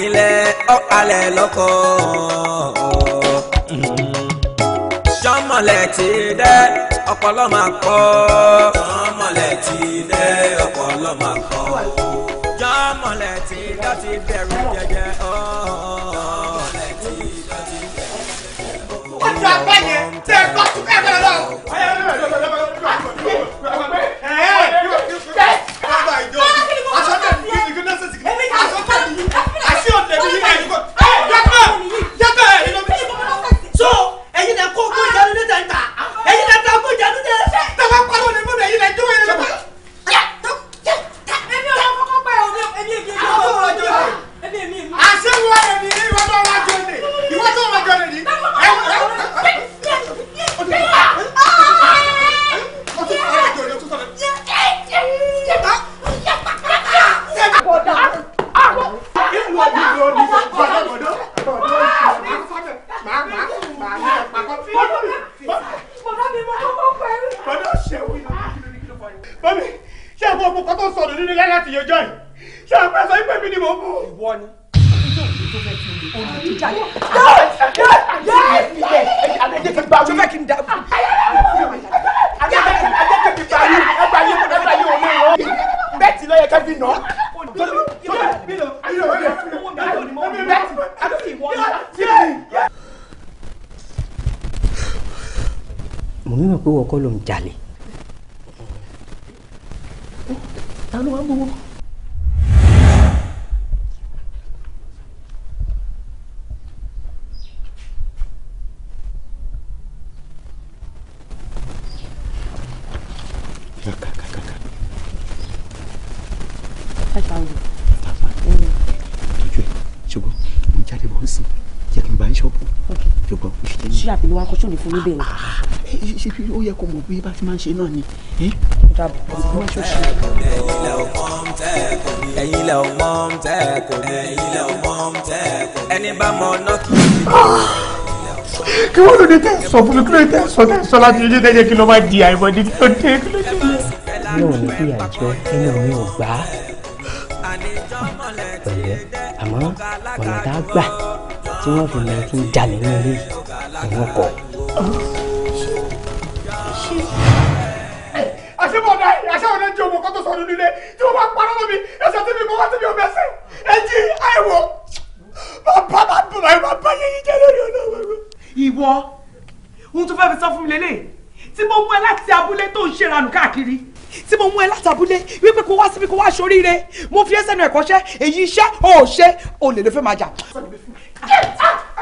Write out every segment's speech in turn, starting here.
ilẹ̀ ọ̀kalẹ̀ lọ́kọ̀ jọ́mọ̀lẹ̀ ti dẹ́ ọpọlọ máa kọ́ jọ́mọ̀lẹ̀ ti dẹ́ ọpọlọ máa kọ́ jọ́mọ̀lẹ̀ ti dẹ́ ti bẹ̀rù jẹjẹ jọ́mọ̀lẹ̀ ti dẹ́ ti bẹ̀rù jẹjẹ. ó ti àgbẹ̀yẹ tẹ ẹ bá tún ẹ bẹ̀rẹ̀ lọ. pé wọ́n kọ́ ló ń jalè. ta ló wá ń bọ̀ ṣùgbọ́n mo jáde bọ́ sí jẹ́ kí n bá ń ṣọ́ọ̀bù ṣùgbọ́n ìṣèjì. ṣé àbílẹ̀ wa kọ́ sóòlù fún mi bẹ́ẹ̀ ni ṣe fi ó yẹ kó mọ̀ bí bá ti máa ń ṣe náà ni. ẹ̀yin lẹ ọmọ ń tẹ kò ní ẹ̀yin lẹ ọmọ ń tẹ kò ní ẹni bá mọ ọ̀nà kì í kí wọ́n ló dé tẹ́ fún mi kí ló dé tẹ́ sọ tẹ́ sọ láti kí ló máa di àìmọ̀ ní kí ló dé kí ló dé. mi ò ní kí ìyà jẹ ẹnu mi ò gbà á pẹ̀lẹ́ àmọ́ ọ̀nà tá a gbà tí wọ́n fi lọ tún jalè ní ilé ìwọ̀n kọ̀ọ̀. fún mi lélẹ̀ tí mo mú ẹ láti abúlé tó ń ṣèranù káàkiri tí mo mú ẹ láti abúlé wípé kó wá síbi kó wá ṣoríire mo fi ẹsẹ̀ nu ẹ̀kọ́ṣẹ́ èyí iṣẹ́ ò ṣe ò lè ló fẹ́ máa jà.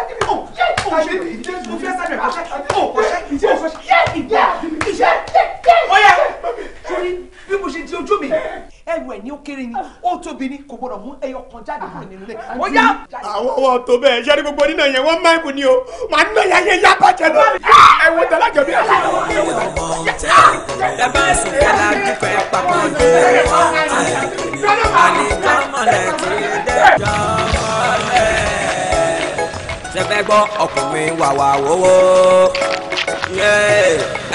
bí mo ó kéré ni ó tóbi ni kò gbọdọ̀ mú ẹyọ kan jáde kúrò nínú ilé ó yá. àwọn ọ̀tọ̀ bẹ́ẹ̀ ṣẹ́ni gbogbo nínú yẹn wọ́n máa ń kú ni o màá nínú yẹn yẹn yá bàjẹ́ náà ẹ̀wọ̀n tẹ̀lé àjẹbí ẹ̀wọ̀n tẹ̀lé àjẹbí. ẹ bá sùn kẹlá dúpẹ́ papọ̀ ìgbẹ́ àníkàmọ̀lẹ̀ kì í dẹ́jọ́ lẹ̀. ṣẹfẹ́ gbọ́ ọkùnrin wàwà wọ́wọ́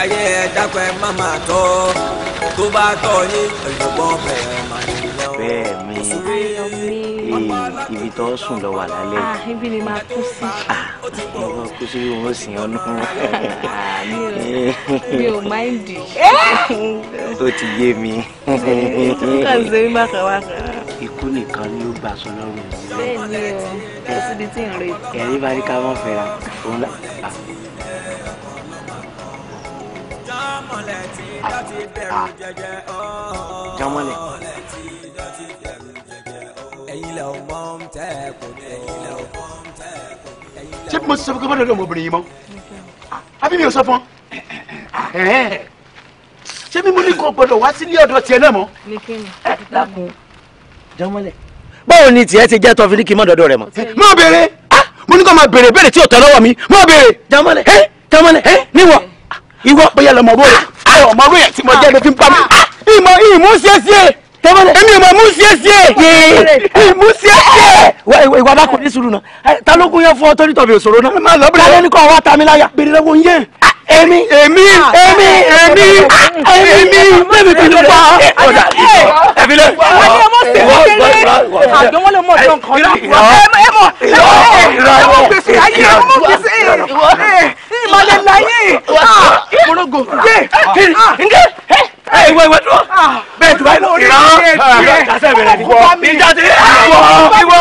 ẹyẹ ẹ̀dákọ̀ ẹ̀ má máa tọ́ tó bá tọ́ yín ẹ̀yọ́gbọ́n bẹ̀rẹ̀ màá nílẹ̀ o. bẹ́ẹ̀ mi tó sùn lọ wà lálẹ́ yìí. Ah, ibi ni máa kú sí. ìwọ ah, kú sí wọn no, ń no, mi ò máìndì. ó ti yé mi. kàn ṣe mí bákàbákà. ikú nìkan ni ó gbà sọ lọ́rùn. bẹ́ẹ̀ni o kò síbi tí ń re. ẹ̀rí bá ní ká mọ̀ fẹ́ra òun là. Ah. jámọ́lẹ̀ ilẹ̀ ọmọ ń tẹ́ kò ní ilẹ̀ ọmọ ń tẹ́ kò mo sọ fún kí wọ́n lọ́dọ̀ ọmọbìnrin yìí mọ́ àbí mi ò sọ fún ọ ṣé mímú ní kò gbọdọ̀ wá sí ní ọ̀dọ̀ tiẹ̀ náà mọ́. ẹ dákun jọmọlẹ. báwo ni tiẹ̀ ti jẹ́ tọ́fi ní kí n má dọ́dọ̀ rẹ mọ́. má béèrè ah, mo ní kó máa béèrè béèrè tí ò tẹ́ lọ́wọ́ mi má béèrè. jọmọlẹ ẹ jọmọlẹ ẹ níwọ ìwọ bóyá lọmọ bóyá ọmọ bóyá tí mo jẹ́ ló fi ń pa mi. Ah, ìmọ̀ ìmọ̀ ṣeéṣe èmi ò mọ mú síẹ́síẹ́ mú síẹ́síẹ́. ìwà bá kò ní sùúrù náà ta ló gún yẹn fún ọ tó ní tọ̀bì òṣòro náà kálẹ̀ ní kò wá ta mi láyà bèrè lọ́wọ́ yẹn èmi èmi èmi èmi èmi èmi kì í fa ọ̀dà ẹ̀fílẹ̀. wọ́n mọ̀ sí kékeré àgbẹ̀ wọ́n lè mọ̀ ọ̀dọ́ nǹkan yìí. ẹ mọ̀ ẹ mọ̀ ẹ mọ̀ gbèsè ayé ẹ mọ̀ gbèsè ìmọ̀lẹ̀ láyé. morogo nge nge ẹ ìwọ ìwọ tó bẹ́ẹ̀ tó báyìí lọ ìran ìjàsẹ bẹ̀rẹ̀ ìwọ ìjàsẹ ìwọ ìwọ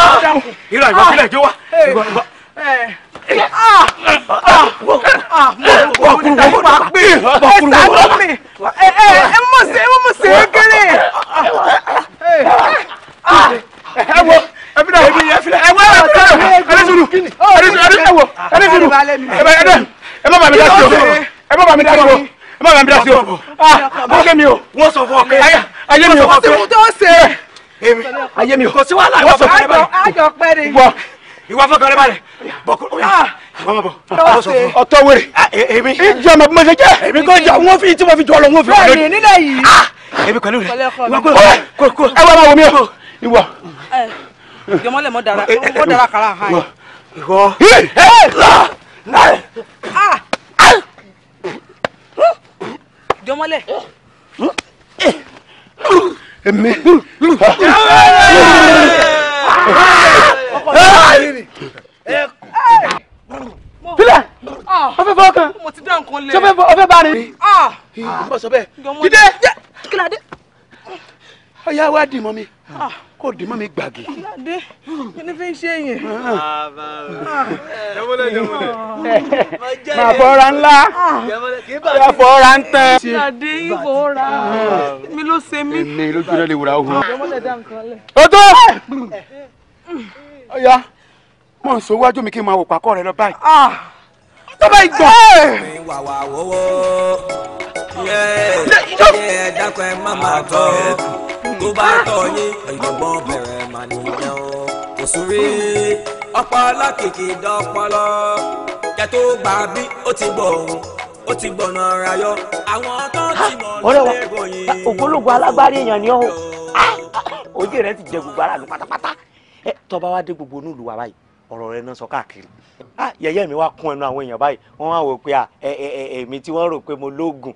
ìran ìwọ sílẹ̀ jó wa. ẹ mọ̀ sí ẹ mọ̀ sí kéré. ẹ wọ ẹ fi náà ebi yẹ fi náà ẹ wọ ẹ tẹ ẹ ní sùúrù ẹ ní sùúrù ẹ wọ ẹ ní sùúrù ẹ bá mi dá sí o ẹ bá mi dá sí o ẹ má bàa mi dá sí o ah, ayé mi o wọ́n sọ fún ọkẹ ayé mi o wọ́n sọ fún tó ṣe ayé mi o kò sí wàhálà ìwà fọkàn rẹ balẹ̀ àjọ pẹ́ ni wọ ìwà fọkàn rẹ balẹ̀ bọ̀kú ọ̀yà ah. ìwà bọ̀ ọ̀tọ̀ wẹ̀ ah, e, èmi ìjọ ọmọ bí mo ṣe jẹ́ èmi kò jọ wọ́n fi tí mo fi jọ lọ wọ́n fi wọ́n lórí bẹ́ẹ̀ ni nílẹ̀ yìí èmi pẹ̀lú rẹ ìwà kò kò kò ẹ wá máa wọ mi o ìwọ. jọmọlẹ mọ dara mọ dara kara ha ìwọ. mọ́lẹ̀. èmi filẹ ọfẹ ah. fọ kan sọfẹ fọ ọfẹ bá rin ọmọ sọfẹ dídé kíládé ọyá wa dì mọ mi. Ah kò dì mọ́ mi gbàgì. Adé kí ni fi ń ṣe yẹn. Jẹ́mọ́lẹ̀ jẹ́mọ́lẹ̀. Màá fọ́ra ńlá. Yà fọ́ra ń tán. Adé yìí fọ́ra. Mi ló ṣe mí. Èmi ló jẹ́ lè wúra òhun. Jẹ́mọ́lẹ̀ dá nǹkan lẹ̀. O tó. Ọ̀ya mọ̀ n so wájú mi kí n máa wò pàkọ́ rẹ lọ báyìí. Ah! Tó bá ìgbà. Wàwà wọ́wọ́. Yẹ́ẹ̀ dákọ̀ má máa tọ́. tó bá tọ̀ yín ìgbọ̀ngbọ̀n bẹ̀rẹ̀ mà nìyẹn o kò ọpọlọ kìkì dọpọlọ kẹ tó gbà bí ó ti bọ̀ òun ó ti gbọ̀nà ara yọ àwọn tó ti mọ̀ lóde ìròyìn eh, ògbólógbò alágbárí èèyàn ni ó ah, ah, ah, ojú rẹ ti jẹ gbogbo ara lù pátápátá eh, tó bá wá dé gbogbo inú wa báyìí ọ̀rọ̀ rẹ náà sọ káàkiri yẹ̀yẹ́ mi wá kún ẹnu àwọn èèyàn báyìí wọ́n wá wò pé ẹ̀mí eh, tí wọ́n rò pé mo lóògùn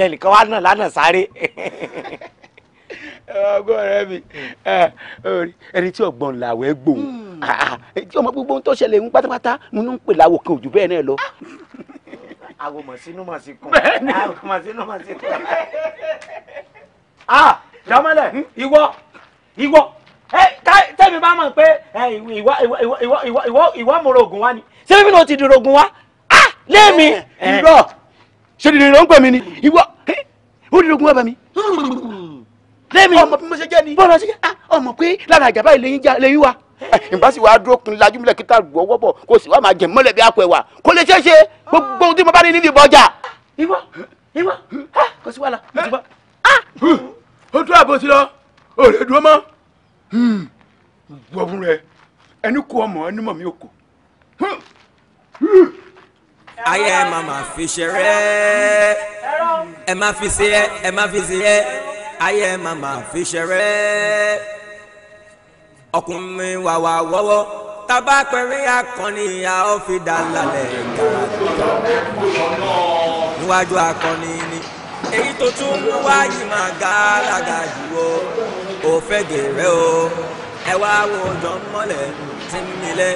lẹ́nìkan wá náà lánàá sáré. ọgọ́ rẹ mi ẹni tí ọgbọ́n làwẹ̀ gbò tí hmm. ah, ah, ọmọ gbogbo ń tọ́ṣẹlẹ̀ ń pátápátá mo ní ń pè láwo kan òjú bẹ́ẹ̀ náà lọ. àwo mọ̀sínú mọ̀síkùn àwo mọ̀sínú mọ̀síkùn. ah, ah! jamale ìwọ ìwọ tẹ́mi bá mọ̀ pé ìwọ ìwọ ìwọ ìwọ mọ̀rọ̀ ògùn wa ni ṣé bí mo ti dìrò ògùn wa ah lémi irọ́ eh, eh. ṣe dìrò ìrọ̀ ń pè mí ni ìwọ ó dìrò ògùn wa bá mi. lẹ́mi ọmọ bí mo ṣe jẹ́ ni bọ́ọ̀lù ṣe jẹ́ ah, ọmọ pé lára àjàbá ìlẹ́yìn lẹ́yìn wa. Eh, ìbá sì wàá dúró kun lajú mílẹ̀ kíkà gbọ́ wọ́pọ̀ kó sì wàá máa jẹ mọ́lẹ̀ bí akọ ẹ̀wà kó lè ṣeéṣe gbogbo ohun tí mo bá ní nídìí bọ́jà. ìwọ ìwọ ah, kò sí wàhálà mo ti bá. Ah! ó dúró àbòsí lọ òòlù dúró mọ́ hmm. wọ́n rẹ ẹni kó ọmọ ẹni mọ̀ mi ò kó. Hmm. Hmm. ayé ẹ máa máa fi ṣeré ẹ máa fi ṣe ẹ ẹ máa fi ṣe ẹ. ayé màmá fi ṣeré ọkùnrin wàwà wọ́wọ́ tábà pẹ̀rín akọni ìyá fi dà lálẹ́ níwájú akọni ni èyí tó tún mú wáyé máa gàlágà jù ó fẹ́ gèrè o ẹ wá wo jọ mọ́lẹ̀ tí mi lẹ́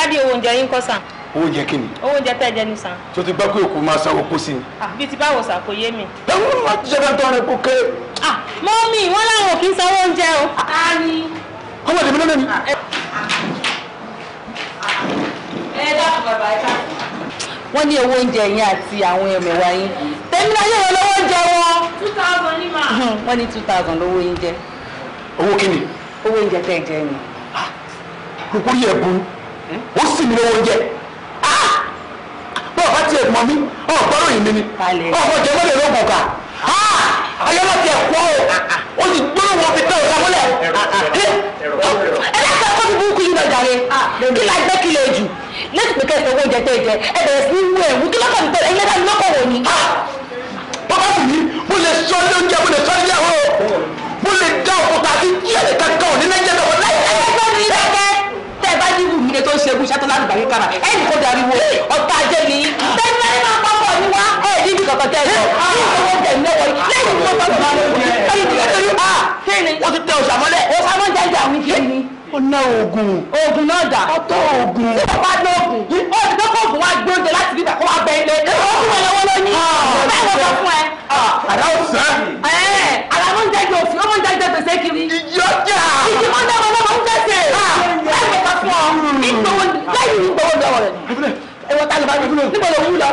dáàdi owó oúnjẹ yín kọ́ sàn. owó oúnjẹ kí ni. owó oúnjẹ tẹ́ jẹ ní sàn. tó ti gbọ́ pé òkú máa sanwó kó sí ni. àbí ti báwo sà kò yé mi. ẹ̀wọ̀n máa jẹ́ bá tọrọ epo kéré. mọ́mí wọ́n láwọn ò kí ń sanwó oúnjẹ o. ọmọ ìdìbò náà ni. ẹ dákun bàbá ẹ ká. wọ́n ní owó oúnjẹ yín àti àwọn ẹ̀mẹ̀wá yín tèmi náà yóò lọ́wọ́ oúnjẹ wọn. two thousand ní ma. wọ́n ní two thousand lówó oúnjẹ. owó kí ni. owó oúnjẹ tẹ́ jẹ ni. kúkúrú yẹ burú ó sì mí lówó oúnjẹ ah! bọ́ọ̀ bá tiẹ̀ mọ̀ mí ọ̀gbọ́rọ̀ yìí mi ni ọ̀gbọ́n jẹ́ wọ́n lè lóògùn kà ah! ayọ́lá tiẹ̀ pọ̀ o ti gbọ́dọ̀ wọ́n fi tẹ̀ ọ̀sán mọ́lẹ̀ ẹ̀rọ ẹ̀kọ́ eh, eh, ti burúkú yìí lọ́jà rẹ̀ ah, kí la gbẹ́ kí lè jù lẹ́sìn pé kẹsàn-án owó oúnjẹ tẹ́ jẹ ẹ bẹ̀rẹ̀ sí wú ẹ̀wù kí lọ́kàn tẹ̀ ẹ̀yìn lẹ́dà lọ́kọ̀ wọ̀ ni. bàbá mi ni mo lè sọ ilé oúnjẹ mo lè sọ ilé àwọn mo lè dá òkúta àti yẹ̀lẹ̀ tó ṣe egun ṣẹ́tọ́ láti gbàgbé kára ẹnì kó darí wo ọ̀tá ajé ni tẹ́lifíà máa kọ́ pọ̀ ní wa ẹ̀ ní ibi kankan tẹ́ ẹ lọ ní ìṣòro tẹ̀ ní ẹ̀wọ̀ lẹ́yìn tó bá bá lọ sí ẹni tí kẹ́kẹ́ rí ah kí ni wọ́n ti tẹ òṣà mọ́lẹ̀ oògùn oògùn náà dà ó oògùn tí wọ́n bá ná oògùn ó ti dọ́kọ̀ oògùn wa gbóúnjẹ láti rí bàkọ́ wa bẹ ilé oògùn ẹ̀ lọ́wọ́ lóyún bẹ́ẹ̀ ah. ló sọ ah. fún ẹ. àdá ò sẹ́. ẹ eh, àlàmọ́ ń jẹ́ gbèsè ó mọ́ ń jẹ́ gbèsè kiri. ìjọ́jà ìjì mọ́ ń dẹ́ mọ́ báyìí ní gbogbo gbọ́wọ́ rẹ̀ ẹ wọ́n tálẹ̀ báyìí nígbà lọ wúlọ.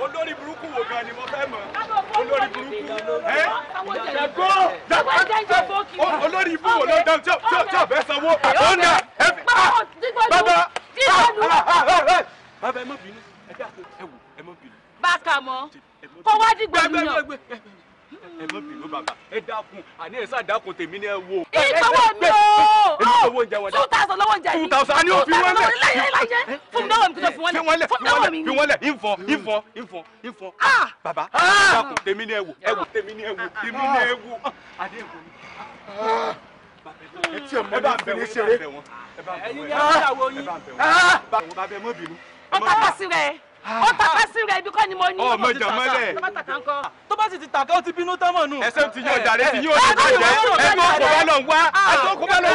olórí olórí burúkú wo ló dáhùn tí ò tí sanwó ọ̀nà ẹ fi bàbá bàbá ẹ má bínú ẹ dáko ẹ wò ẹ má bínú. bákà mọ kó wá dìgbà mi yàn. ẹ má bínú bàbá ẹ dákun àní ẹ sá dákun tèmi ni ẹ wo. ìgbọ́wọ́ mi o two thousand lọ́wọ́ ǹjẹ́ yìí two thousand ani o fi wọ́n lẹ̀ fún mi lọ́wọ́ mi kí ló fi wọ́n lẹ̀ fún mi lọ́wọ́ mi. fi wọ́n lẹ̀ ìfọ̀ ìfọ̀ ìfọ̀ ìfọ̀ bàbá ẹ ah! dákun tèmi ni ẹ wò ẹ wò tèmi ni ẹ wò ah! tèmi ni ẹ wò adé ah! ẹ wò ni ẹ tí ọmọ ní ìfẹ́ wọn ẹ bá ń bẹ̀ wọ́n ẹ bá ń bẹ̀ wọ́n ẹ bá ń bẹ̀ wọ́n bàbá ẹ mọ́ bínú. não Ataba sire. Ah. ó tàkà sí rẹ̀ ibi kọ́ ni mo ní. ọ mẹjọ mẹlẹ. tó bá sì ti tàkà ó ti bínú tán mọ̀ nù. ẹsẹ̀ ti yín ọjà eh, ti yín ọjà rẹ jẹ ẹgbẹ́ bá lọ wá àtọ́kù bá lọ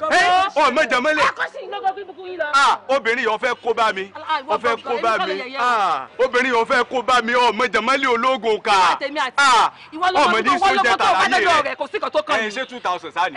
wá. ọ mẹjọ mẹlẹ. obìnrin yìí ó fẹ́ kó bá mi ó fẹ́ ah, kó eh, bá mi obìnrin yìí ó fẹ́ kó bá mi ọ mẹjọ mẹlẹ ológo ká ọmọdé ìsọjẹ tàlàyé rẹ ẹ ṣe two thousand sani.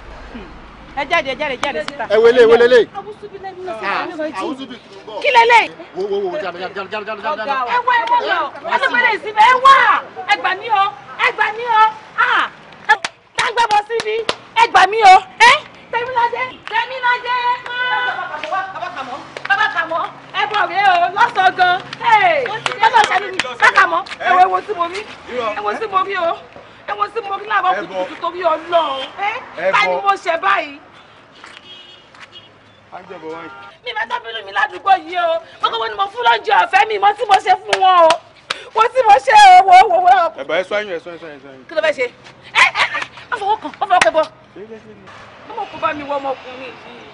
ẹ jáde ẹ jáde jáde síta. ẹ wele wele le. kí lele. wo wo wo jáde jáde jáde jáde jáde. ẹ wá ẹ wá lọ ẹlẹgbẹrẹ ìsinmi ẹ wá ẹ gbà mí o ẹ gbà mí o ẹ gbà bọ síbi ẹ gbà mí o ẹ tẹmílọdé tẹmílọdé bàbá kàmọ ẹ bọ rẹ o lọsọ gan ẹ lọsọ sani kàkàmọ ẹ wo ewo tí mo rí ewo tí mo rí o ẹwọ sí mo rí làárọ̀ kùtùkùtù torí Ọlọ́run ẹ eh? ni mo ṣe báyìí. mi mẹ́tọ́ bínú mi ládùúgbò yìí o gbogbo wo ni mo fún lọ́jọ́ ọ̀fẹ́ mi mo tí mo ṣe fún wọn o mo tí mo ṣe wo wo wo. ẹ̀bà ẹ sọ ẹ̀yìn ẹ sọ kí ló fẹ́ ṣe ẹ eh, ẹ eh, ọfọwọ́ kan ọfọwọ́ kan bọ̀ ọmọkùnrin bá mi wọ ọmọkùnrin yìí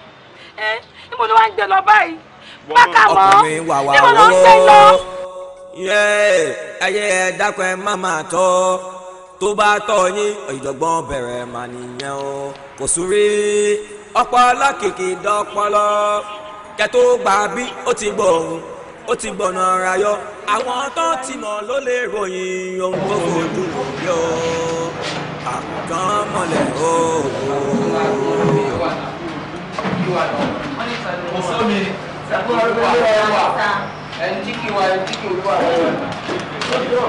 ẹ níbo ló wá ń gbé lọ báyìí bákà mọ́ níbo ló ń gbé lọ. ayé ẹ dákun ẹ má máa tọ́ tó bá tọ́ yín ìjọ̀gbọ́n bẹ̀rẹ̀ mà nìyẹn o kò súrí ọpọlọ kìkì dọ́pọlọ kẹtó gbà bí ó ti gbọ́ òun ó ti gbọ̀nà ara yọ àwọn tó ti mọ̀ ló lè ròyìn ohun tó fojú yọ àkàn mọ̀lẹ̀ Ẹni tí kì í wá ẹni tí kì í wá.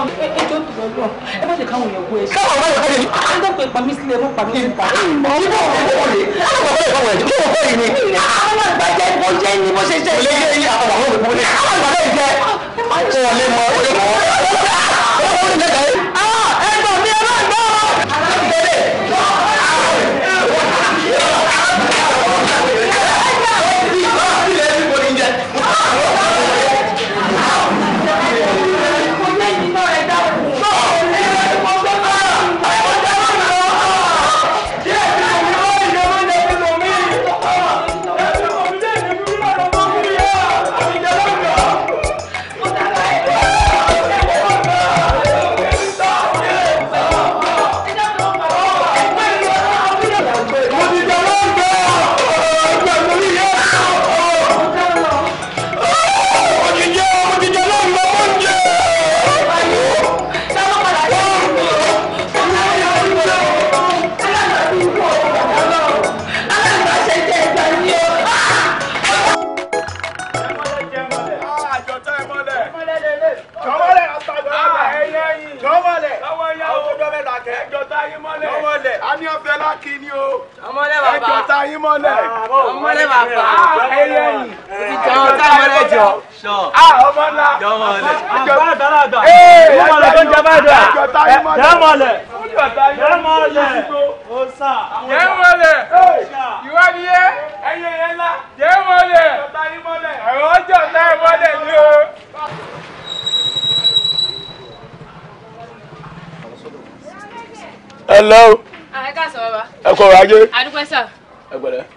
ọkọ mi ẹjọ́ tó lọ lọ ẹ má ṣe káwọn èèyàn wo ẹṣin. káwọn ọmọ yẹn ká lè. ẹ dẹ́kun ìpa mi sílẹ̀ mọ́ pa mi síta. ìmọ̀ ọmọ ọmọ rẹ̀ káwọn ọmọ yẹn káwọn ẹ̀jẹ̀ kí wọ́n kọ́ yìí ni. Ah, àwọn àgbàjẹ́ mo jẹ́ ni mo ṣe jẹ́. mo lè yé àwọn àwọn òbí mo lè. àwọn àgbàjẹ́ jẹ́ ọ̀lẹ́ mọ́ ọ̀lẹ́ mọ́.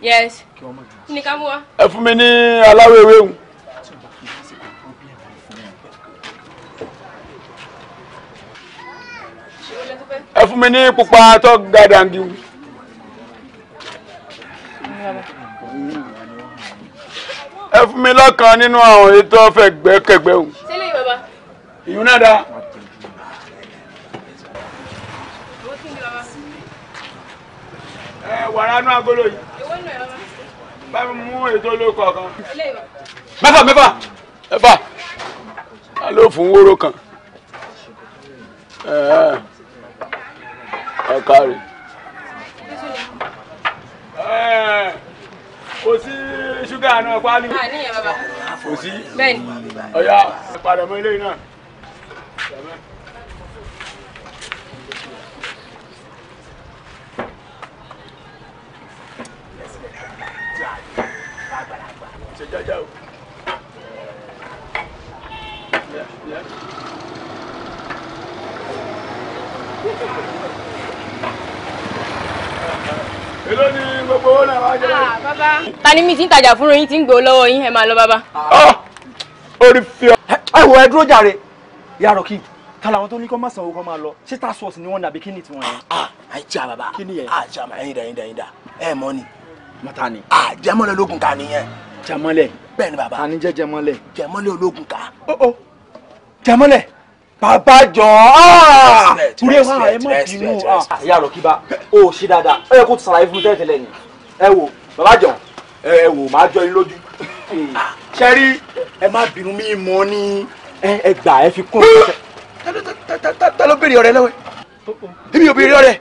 yes ní ká mú wa. ẹ fún mi ní aláwọ̀ ewé o. ẹ fún mi ní pupa tó ga dangi o. ẹ fún mi lọ́kàn nínú àwọn o. sílẹ̀ yìí bàbá. ìyún náà dáa. agolo yìí bá mi mú ètò olóko kan. mẹ́fà mẹ́fà ẹ̀fà a ló fún wóró kan ẹ káre. kò sí ṣúgà náà pálí. kò sí ọ̀ya padà mọ́ ilé náà. jájá o. èló ni gbogbo owó náà wàá jẹ ah, báyìí. ta ni mi ti ń tajà fún yín tí ń gbé lọ́wọ́ yín ẹ máa lọ bàbá. Ah! orí fi ọ. ẹ wo ẹ dúró jàre yàrá kí ta làwọn tó ní kó má san kó máa lọ ṣé tá a sọ̀ọ̀sì ni wọ́n nàbí kí ni tiwọn yẹn. a a jà bàbá a jà mà ẹyin dà ẹyin dà ẹyin dà ẹ mọ ni mọ́ta ni. a ah, jẹmọ́lẹ̀ ológun ká nìyẹn. jẹmọ́lẹ̀. bẹ́ẹ̀ ni bàbá. tani jẹ́ jẹmọ́lẹ̀. jẹmọ́lẹ̀ ológun ká. ó ó jẹmọ́lẹ̀ bàbá jọ ture ah! wa ah, ẹ má bínú. ìyá rọ kíba o ò ṣe dáadáa ó yẹ kó ti ṣàlàyé fún mi tẹ́lẹ̀tẹ́lẹ̀ ni ẹ wò bàbá jọ ẹ wò máa jọ yín lójú. sẹ́rí ẹ má bínú mi mọ́ ní ẹgbàá ẹ fi kún un. ta ló béèrè ọ̀rẹ́ lọ́wọ́ ẹ oh, oh. ibi ò béèrè ọ̀rẹ́.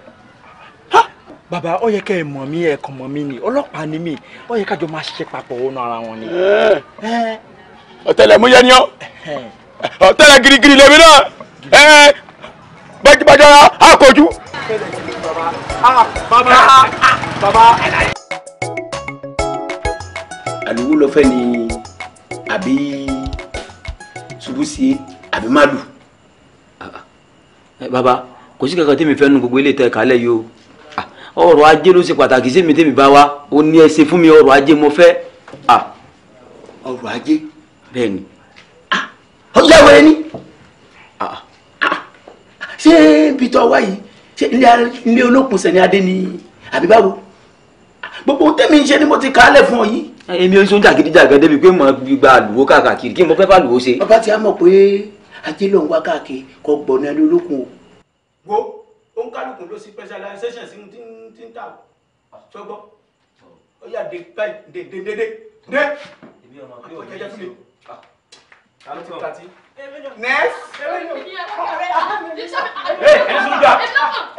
Baba, ó yẹ kẹ́ ẹ mọ̀ mí ẹ kàn mọ̀ mí ni ọlọ́pàá ni mí ó yẹ kájọ máa ṣiṣẹ́ papọ̀ wọnú ara wọn ni. Eh. Eh. ọ̀tẹlẹ̀múyẹ́ ni ọ́ eh. ọ̀tẹlẹ̀ girigiri lèmi náà bájúbájú ara á kojú. Ah, bàbá bàbá. àlùwò lọ fẹ́ ni àbí ṣubúṣe àbí màlù. Ah, ah. bàbá kò sí kankan tí mi fẹ́ nu gbogbo ilé ìtẹ̀kálẹ̀ yìí o ọrọ̀ ajé ló ṣe pàtàkì sí mi tèmi bá wa ó ní ẹ ṣe fún mi ọrọ̀ ajé mo fẹ́ à ọrọ̀ ajé bẹ́ẹ̀ ni ọjà wẹrẹ ni ṣé ibi tó wá yìí ṣé ilé olókùn sẹni adé ni àbí báwo gbogbo tèmi ń ṣe ni mo ti kàálẹ̀ fún ọ yìí. èmi ò ń sún jàgídíjàgídí débi pé mo gba àlùwò káàkiri kí mo fẹ́ fàlùwò ṣe. bàbá tí a mọ̀ pé ajé ló ń wá káàkiri kò gbọ̀nà ẹni olókùn o ó ń kálukú ló specialization sí ti ń tà sọgbọ́ ó yà dé báyìí dédédédé dé àpò jẹjẹ fún mi. Alo ti kati. Nẹ́ẹ̀sì. Ee ẹni sunu da.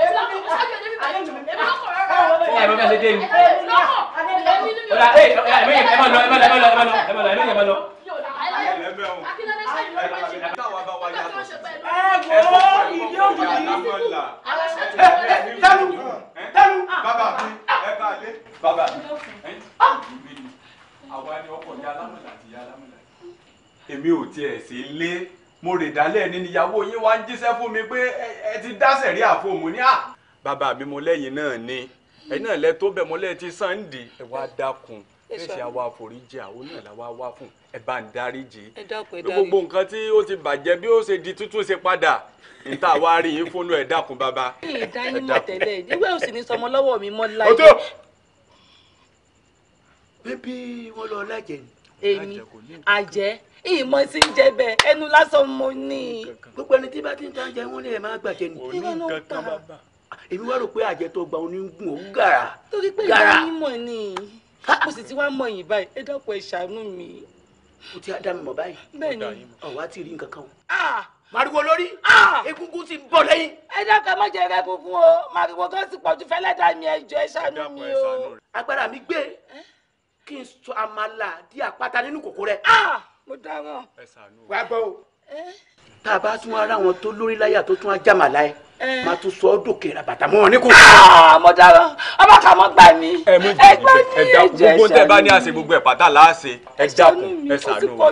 Ẹ bá bá ṣe dé mi. Ọ̀la ee ẹ ma lọ ẹ ma lọ ẹ ma lọ ẹ ma lọ ẹ ma lọ ẹ ma lọ ẹlẹ́bẹ̀ wọn. akíndélé ṣe ìlú ọgbà ṣe ni ọkọ ya alámọ̀lá ti ya alámọ̀lá. èmi ò tiẹ̀ sí lé mo rè dálẹ̀ ní níyàwó yín wá ń jíṣẹ́ fún mi pé ẹ ti dá sẹ̀rí àfo mo ní à. bàbá mi mo lẹ́yìn náà ni ẹ̀yin náà lẹ tó bẹ̀ mọ́lẹ̀ ti sànńdì ẹ wá dákun ẹ ṣe àwa àforíjì àwọn náà làwa wá fún un ẹ bá ń dáríjì gbogbo nǹkan tí ó ti bàjẹ́ bí ó ṣe di tuntun ṣe padà níta wá rí yín fónú ẹ dákun bàbá. ẹ dáyín mọ tẹ́lẹ̀ ìwé òsì ní sọmọ lọ́wọ́ mi mọ láyé. ọtọ bébí wọn lọ lájẹ ni. èmi àjẹ́ ìmọ̀ sí ń jẹ bẹ́ẹ̀ ẹnu lásán mo ní. gbogbo ẹni tí bá ti ń ta jẹ wọn ni ẹ máa gbàjẹ ni. òní nǹkan kan bàbá. èmi wá rò pé àjẹ tó gba onígun ó gàrà. torí pé ìyá yín mọ̀ ni mo sì ti wá mọ̀ yín báyìí ẹ dákun ẹ ṣàánú mi o ti dá mi mọ̀ báyìí. bẹ́ẹ̀ni ọwọ ti rí nǹkan kan o. màrìwò lórí egungun ti bọ̀ lẹ́yìn. ẹ dákẹ́ má jẹ́ rẹ kúkún o màrìwò kan sì pọ̀jù fẹ́lẹ́ dá mi ẹjọ́ ẹ ṣàánú mi o. agbára mi gbé kí n sọ àmàlà di àpáta nínú kòkó rẹ. mo dáhùn. wàá gbọ́ o tá a bá tún ara wọn tó lórí láyà tó tún ajámàlá ẹ máa tún sọ ọ́ dòkè ràbàtà mọ́ wọn ní kò. àmọ̀dára ah, ọbàkà mọ́ gbà mí. ẹ mú jù ẹ dá gbogbo tẹ bá ní àṣẹ gbogbo ẹ pàtà láàṣẹ ẹ dákun ẹ ṣàánú wa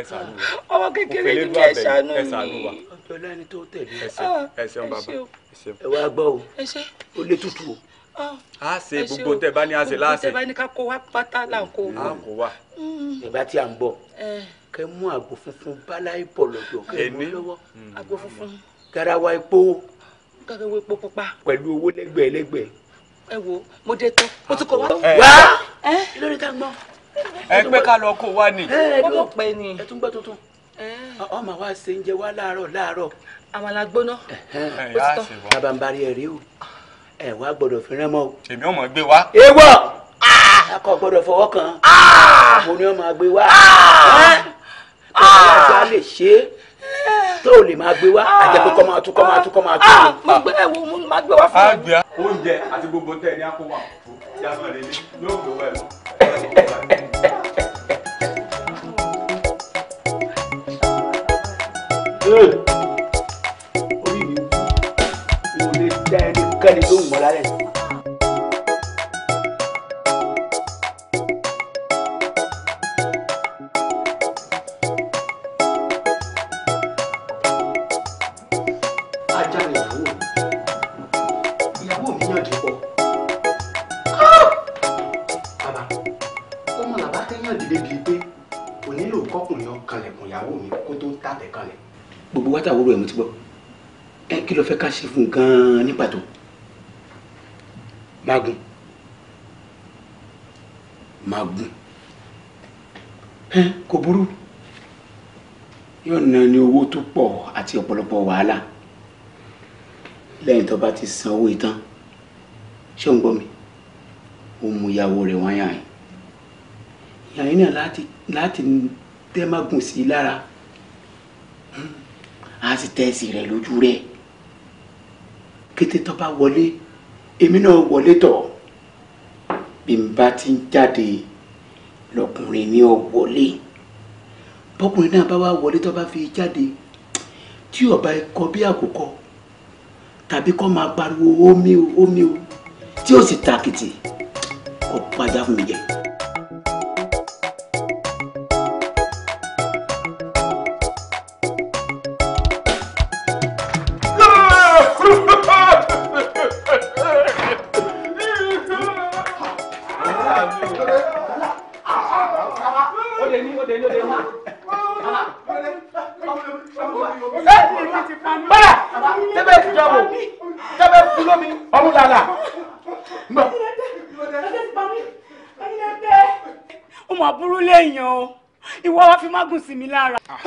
ẹ ṣàánú wa ọmọ kékeré ní kí ẹ ṣàánú mi. ẹ ṣàánú wa ọlọ́lá ẹni tó tẹ̀lé ẹsẹ̀ ẹsẹ̀ ń bàbá ẹ wá gbọ́ o ó lé tútù o. a ah, ṣe gbogbo tẹ bá ní àṣẹ láàṣẹ. gbogbo tẹ bá ní ká kó wá pátá là ń kó kẹ mú àgbo funfun báláì bọ̀ lọ́dọ̀ kẹ mú lọ́wọ́ hmm. àgbo funfun garawa epo garawa epo pupa pẹ̀lú owó lẹ́gbẹ̀ẹ́ lẹ́gbẹ̀ẹ́. ẹ wo mo dé tán mo tún kọ wá. wá lórí ká gbọ́. ẹ pé ká lọ kó wá ni. ó mọ̀ pé ni. ẹ tún gbọ́ tuntun ọmọ wa ṣe ń jẹ wá láàárọ̀ láàárọ̀. àwọn alágbóná. bàbá ń bari ẹ rí o ẹ wá gbọ́dọ̀ fi mọ èmi ò mọ̀ gbé wá. ewọ akọ ah! gbọ́dọ̀ fọwọ́ kàn. Ah! mo ní ọmọ àgbé wá. Ah! ọ̀la ah! lè ṣe é tó o lè máa gbé wá àjẹpẹ́ kọ́ máa tún kọ́ máa tún kọ́ máa tún. Ah! Ah! mo gbé ẹ̀wò mo máa gbé wá fún mi. oúnjẹ àti gbogbo tẹ ní àkó wà yàtọ̀ lélẹ̀ yóò gbé wá ẹ̀wọ̀. orí mi ò lè dá ẹnikẹ́ni lóhùn mọ́ lálẹ́ yìí. gbọ́ ẹ kí ló fẹ́ ká ṣe fún un gan-an ní pàtó magun magun ẹ kò burú yóò ná ní owó tó pọ̀ àti ọ̀pọ̀lọpọ̀ wàhálà lẹ́yìn tó bá ti san owó ìtàn ṣé ń gbọ́ mi ó mú ìyàwó rẹ̀ wọ́n yàn yàn yín náà láti tẹ́ magun sí i lára á sì tẹ́sí rẹ̀ lójú rẹ̀ kété tó bá wọlé èmi náà wọlé tọ̀ bí n bá ti ń jáde lọkùnrin mi ò wọlé bọ́kùnrin náà bá wá wọlé tó bá fi jáde tí ọba ẹkọ bí àkókò tàbí kó máa pariwo omi o omi o tí ó sì takìtì kó pàjá fún mi ó lè ní ó lè ní ó lè ní. bọ́lá tẹ́bẹ̀ ti jọ wò tẹ́bẹ̀ kú lómi ọmú làlà. ọmọ burú lèèyàn o ìwọ wa fi mágùn sí mi lára. Ah.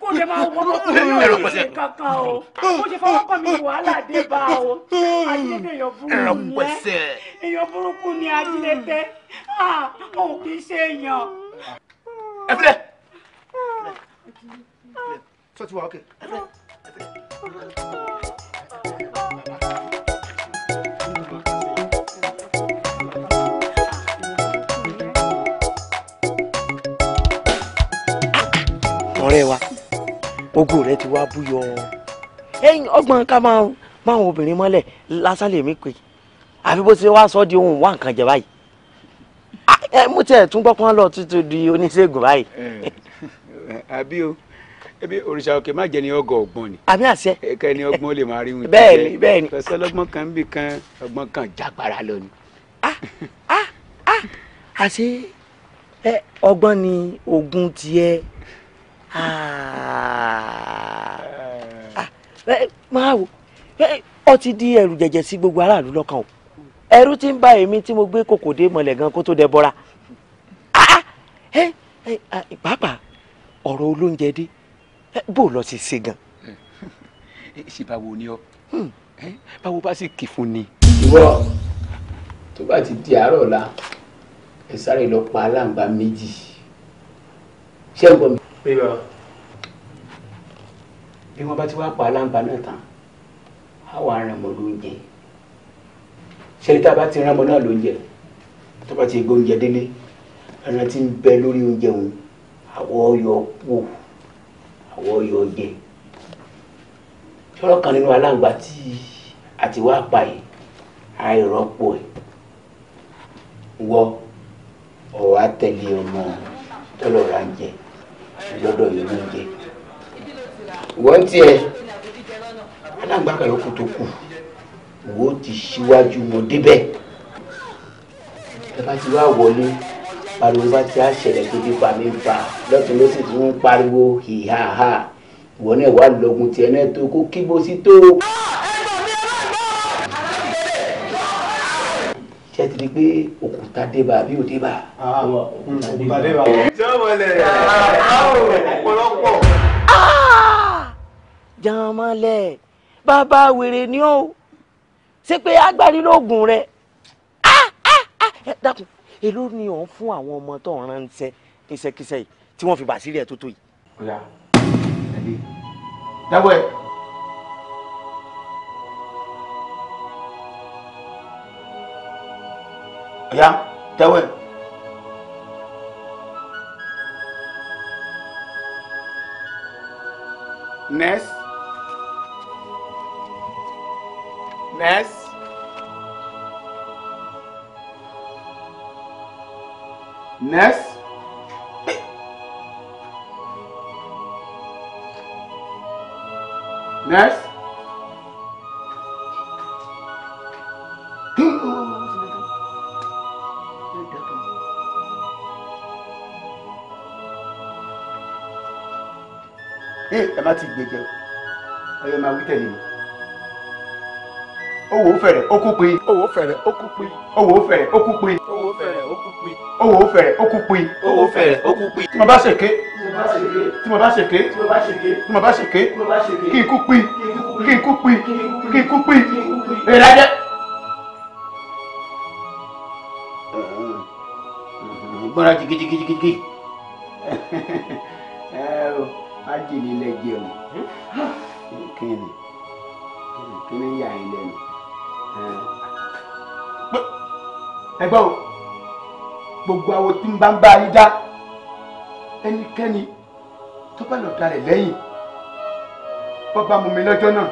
kó lè máa wọ ọkọ mi lórí ìṣe kankan o kó ṣe fọwọ́ kàn mí wàhálà dé bá o àdílé èèyàn burúkú ni ẹ èèyàn burúkú ni àdílé tẹ ah, òun kì í ṣe èèyàn. ẹ filẹ ah. sọ ti wa ok ọ̀rẹ́ wa ogo rẹ ti wá búyọ ẹ̀yin ọgbọ́n ká máa máwọn obìnrin mọ́lẹ̀ lásán lèmi pé àfi bó ṣe wá sọ di ohun wá nǹkan jẹ báyìí ẹ mú tiẹ̀ tún gbọ́ pọ́n lọ tuntun di oníṣègùn báyìí. àbí o ebi òrìṣà òkè má jẹ ní ọgọ ọgbọ́n ni. àmì àṣẹ. ẹkẹ ni ọgbọ́n lè máa rí wọn. bẹ́ẹ̀ni bẹ́ẹ̀ni. kọsọlọgbọn kan bí kan ọgbọ́n kan jágbára lọ ni. ah ah ah àṣé ọgbọ́n ni ogun tiẹ̀. Ah. Eh, máa wò eh, ó ti di ẹrù jẹjẹ sí gbogbo aráàlú lọ́kàn o ẹrù ti ń bá èmi tí mo gbé kòkò dé mọ̀lẹ̀ gan kó tó dẹ bọ́ra ah, ah. Eh, pàápàá ọ̀rọ̀ olóúnjẹ dé bó lọ sí ṣe gan. ṣe báwo ni ọ hmm. báwo bá sì kì fún ni. ìwọ tó bá ti di àárọ̀ la ẹ sáré lọ pa aláǹgbá méjì ṣé ń gbọ́ mi bí wọ́n bá ti wá pa aláǹgbá náà tán á wà ràn mọ́ lóúnjẹ ṣẹlẹ̀ tá a bá ti ràn mọ́ náà lóúnjẹ tó bá ti gbóúnjẹ délé ẹran tí ń bẹ lórí oúnjẹ òun àwọ̀ ọyọ wò àwọ̀ ọyọ jẹ ṣọ́rọ̀ kan nínú aláǹgbá tí àti wá pa yìí àìrọ́pò ẹ̀ wọ ọ̀wá tẹ̀lé ọmọ tọ́lọ̀ ra jẹ lọ́dọ̀ yìí ló ń jẹ wọ́n tiẹ̀ alágbàkà yòókù tó kù wo ti ṣíwájú mo débẹ̀ ẹ bá ti wá wọlé pariwo bá ti á ṣẹlẹ̀ tó ti fa mi fa lọ́tún ló sì tún ń pariwo hìhàhà ìwọ náà wà lọ́gùn tiẹ̀ náà tó kó kíbo sí tó. di pé òkúta débà àbí òdébà. Ah, òkúta débà. jọmọlẹ ọ̀pọ̀lọpọ̀. Ah! jọmọlẹ bàbá wèrè ni ó ṣe pé agbárilógún rẹ ah, dákun èló ni ò ń fún àwọn ọmọ tó ń ránṣẹ́ níṣẹ́kíṣẹ́ yìí tí wọ́n fi bàṣírí ẹ̀ tó tó yìí. dábọ̀ ẹ̀. Yeah, tell me. Ness? Ness? Ness? Ness? bá ti gbé jẹ ọyọ máa wí tẹ̀lé mi. owó fẹ̀rẹ̀ ó kú pé. owó fẹ̀rẹ̀ ó kú pé. owó fẹ̀rẹ̀ ó kú pé. owó fẹ̀rẹ̀ ó kú pé. owó fẹ̀rẹ̀ ó kú pé. owó fẹ̀rẹ̀ ó kú pé. tí mo bá ṣèké. tí mo bá ṣèké. tí mo bá ṣèké. tí mo bá ṣèké. kí ikú pín. kí ikú pín. kí ikú pín. èrè ajẹ́. gbọ́dọ̀ jìgìjìgìjìgì. kí ni ilẹ̀ jẹun ah, kí ni kí ni yà yín lẹ́nu. ẹgbọ́n o gbogbo àwọn tí ń bá ń bá yín dá ẹnikẹ́ni tó bá lọ dalẹ̀ lẹ́yìn bó bá mú mi lọ́jọ́ náà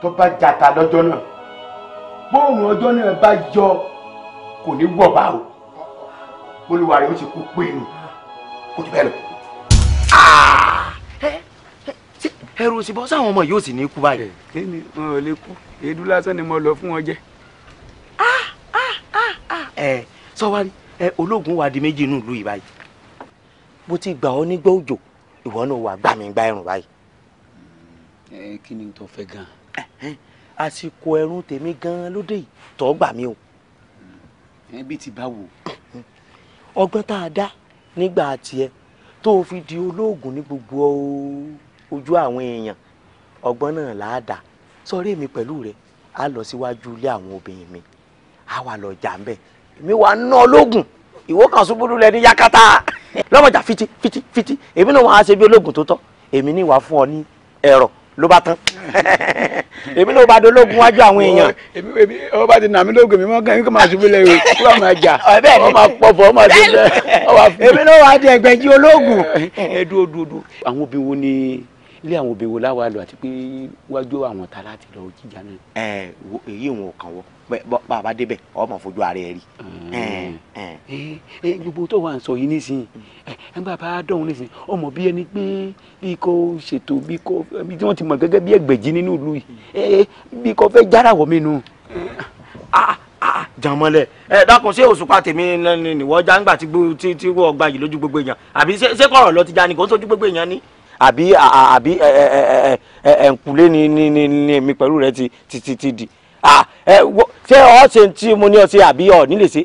tó bá jàtà lọ́jọ́ náà bóòrùn ọjọ́ náà bá yọ kò ní wọ̀ bá o olùwàrí ó ti kú pé nù kó tó bẹ́ẹ̀ lọ. ẹrù òsì bọ́ sáwọn ọmọ yóò sì ní kú báyìí. Eh, kéènì wọn ò lè kú èédú lásán ni mo lọ fún wọn jẹ. Ah, ah, ah, ẹ sọ wa ni ológun wa di méjì inú ìlú yìí báyìí bó ti gbà ọ nígbà òjò ìwọ náà wà gbà mí gbà ẹrùn báyìí. ẹ kí ni tó fẹ́ gan. àsìkò ẹrùn tèmi gan lóde yìí tó gbà mí o. ẹ bí ti bá wò. ọgbọ́n tá a dá nígbà tiẹ̀ tó fi di ológun ní gbogbo ọ́ ojú àwọn èèyàn ọgbọ́n náà là sọrí èmi pẹ̀lú rẹ á lọ síwájú ilé àwọn obìnrin mi á wà lọ jà ń bẹ̀ èmi wà ná ológun ìwọ kan ṣubú lulẹ̀ ní yakata lọ́mọjà fiti fiti fiti èmi náà wàá ṣe bí ológun tó tọ́ èmi ní wàá fún ọ ní ẹ̀rọ ló bá tán èmi náà bá dológun wájú àwọn èèyàn. èmi ọ bá ti nà mí lóògùn mi mọ kàn yín kó máa ṣubú lẹ ìwé kó máa máa jà ọ máa pọfọ ọ máa ṣubú lẹ. èmi náà wàá di ẹgbẹ̀jì ológun. ẹ dúró dúró dúró àwọn obìnrin wo ni ilé àwọn òbí wo láwa lọ àti pé wájú àwọn ta láti lọ jíjà náà. ẹ èyí òun ò kàn wọ bá a bá débẹ̀ ọmọ fojú ara ẹ rí. gbogbo tó wà ń sọ yìí nísìnyí ẹ bá bá a dọ̀hún nísìnyí ọmọ bí ẹni pé bí kò ṣètò bí kò bí wọ́n ti mọ̀ gẹ́gẹ́ bí ẹgbẹ̀jì nínú ìlú yìí bí kò fẹ́ jára wọ̀ mí nu jàmọlẹ ẹ dákun ṣé òṣùpá tèmi nìwọ jáǹgbà tí gbó tí tí lójú gbogbo èèyàn àbí ṣé kọ̀rọ̀ lọ ti já ni kò ń tójú gbogbo èèyàn ni àbí àbí ẹ̀ǹkùlé ni ni ni ni mi pẹ̀lú rẹ ti ti ti ti di ṣé ọ ṣe tí mo ní ọ ṣe àbí ọ nílè ṣe